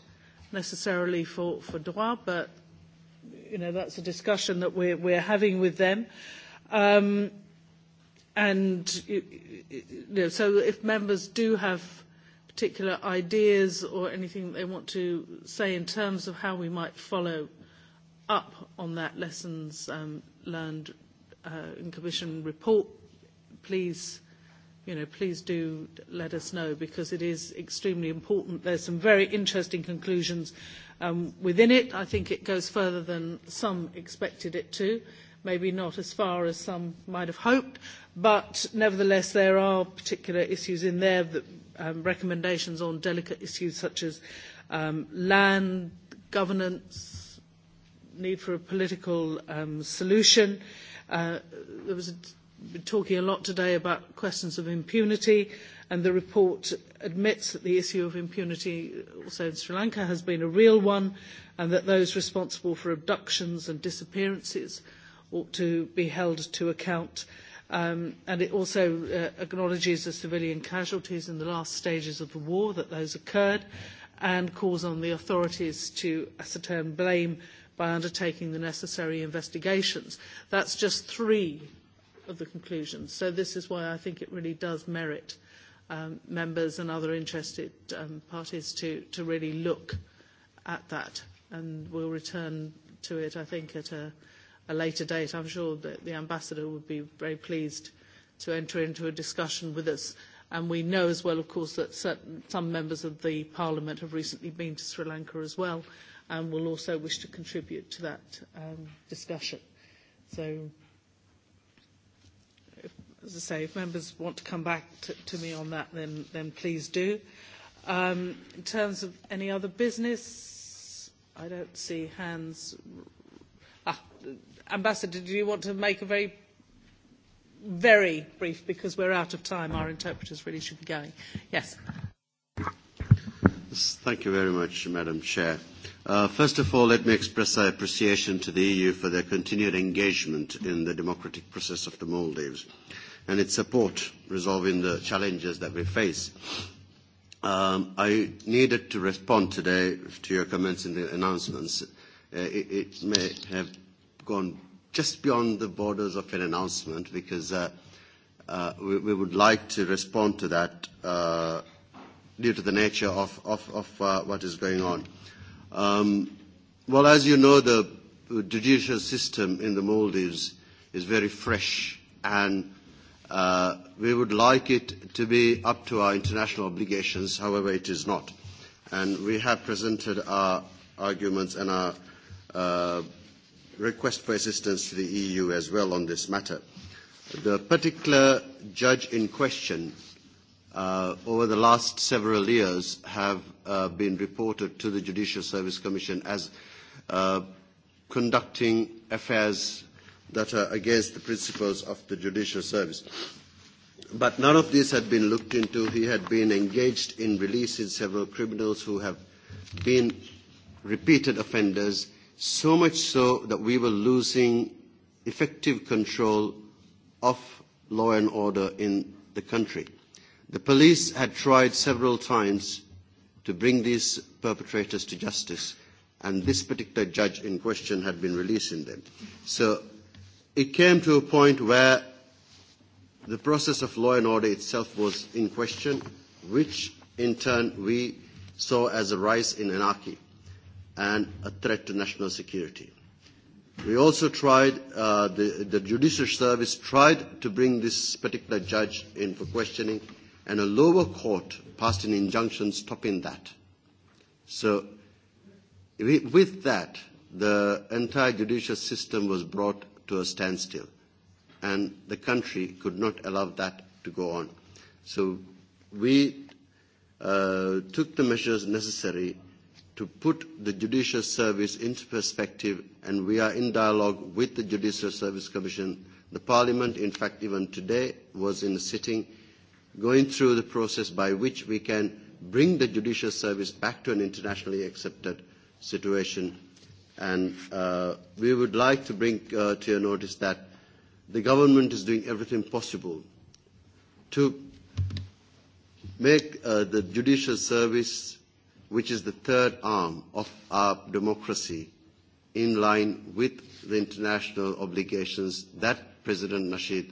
necessarily for, for Droit, but you know, that's a discussion that we're, we're having with them. Um, and you know, so if members do have particular ideas or anything they want to say in terms of how we might follow up on that lessons um, learned uh, in commission report, please you know, please do let us know because it is extremely important. There's some very interesting conclusions um, within it. I think it goes further than some expected it to, maybe not as far as some might have hoped, but nevertheless there are particular issues in there, that, um, recommendations on delicate issues such as um, land, governance, need for a political um, solution. Uh, there was a been talking a lot today about questions of impunity, and the report admits that the issue of impunity also in Sri Lanka has been a real one, and that those responsible for abductions and disappearances ought to be held to account. Um, and it also uh, acknowledges the civilian casualties in the last stages of the war, that those occurred, and calls on the authorities to ascertain blame by undertaking the necessary investigations. That's just three of the conclusions. So this is why I think it really does merit um, members and other interested um, parties to, to really look at that. And we'll return to it, I think, at a, a later date. I'm sure that the ambassador would be very pleased to enter into a discussion with us. And we know as well, of course, that certain, some members of the parliament have recently been to Sri Lanka as well and will also wish to contribute to that um, discussion. So as I say, if members want to come back to, to me on that, then, then please do. Um, in terms of any other business, I don't see hands. Ah, Ambassador, do you want to make a very, very brief, because we're out of time, our interpreters really should be going. Yes. Thank you very much, Madam Chair. Uh, first of all, let me express our appreciation to the EU for their continued engagement in the democratic process of the Maldives. Uh, and its support resolving the challenges that we face. Um, I needed to respond today to your comments in the announcements. Uh, it, it may have gone just beyond the borders of an announcement because uh, uh, we, we would like to respond to that uh, due to the nature of, of, of uh, what is going on. Um, well, as you know, the judicial system in the Maldives is very fresh and Uh, we would like it to be up to our international obligations, however it is not. And we have presented our arguments and our uh, request for assistance to the EU as well on this matter. The particular judge in question uh, over the last several years have uh, been reported to the Judicial Service Commission as uh, conducting affairs that are against the principles of the judicial service. But none of this had been looked into. He had been engaged in releasing several criminals who have been repeated offenders, so much so that we were losing effective control of law and order in the country. The police had tried several times to bring these perpetrators to justice, and this particular judge in question had been releasing them. So it came to a point where the process of law and order itself was in question, which in turn we saw as a rise in anarchy and a threat to national security. We also tried, uh, the, the judicial service tried to bring this particular judge in for questioning, and a lower court passed an injunction stopping that. So we, with that, the entire judicial system was brought to a standstill. And the country could not allow that to go on. So we uh, took the measures necessary to put the judicial service into perspective, and we are in dialogue with the Judicial Service Commission. The Parliament, in fact, even today, was in a sitting going through the process by which we can bring the judicial service back to an internationally accepted situation And uh, we would like to bring uh, to your notice that the government is doing everything possible to make uh, the judicial service, which is the third arm of our democracy, in line with the international obligations that President Nasheed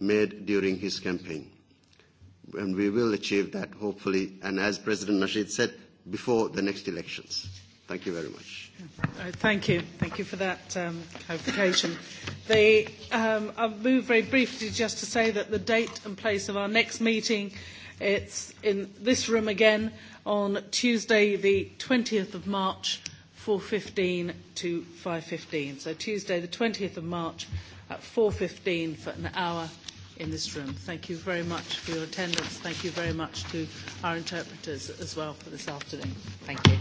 made during his campaign. And we will achieve that, hopefully, and as President Nasheed said, before the next elections. Thank you very much. Uh, thank you. Thank you for that um, clarification. The, um, I'll move very briefly just to say that the date and place of our next meeting, it's in this room again on Tuesday the 20th of March, 4.15 to 5.15. So Tuesday the 20th of March at 4.15 for an hour in this room. Thank you very much for your attendance. Thank you very much to our interpreters as well for this afternoon. Thank you.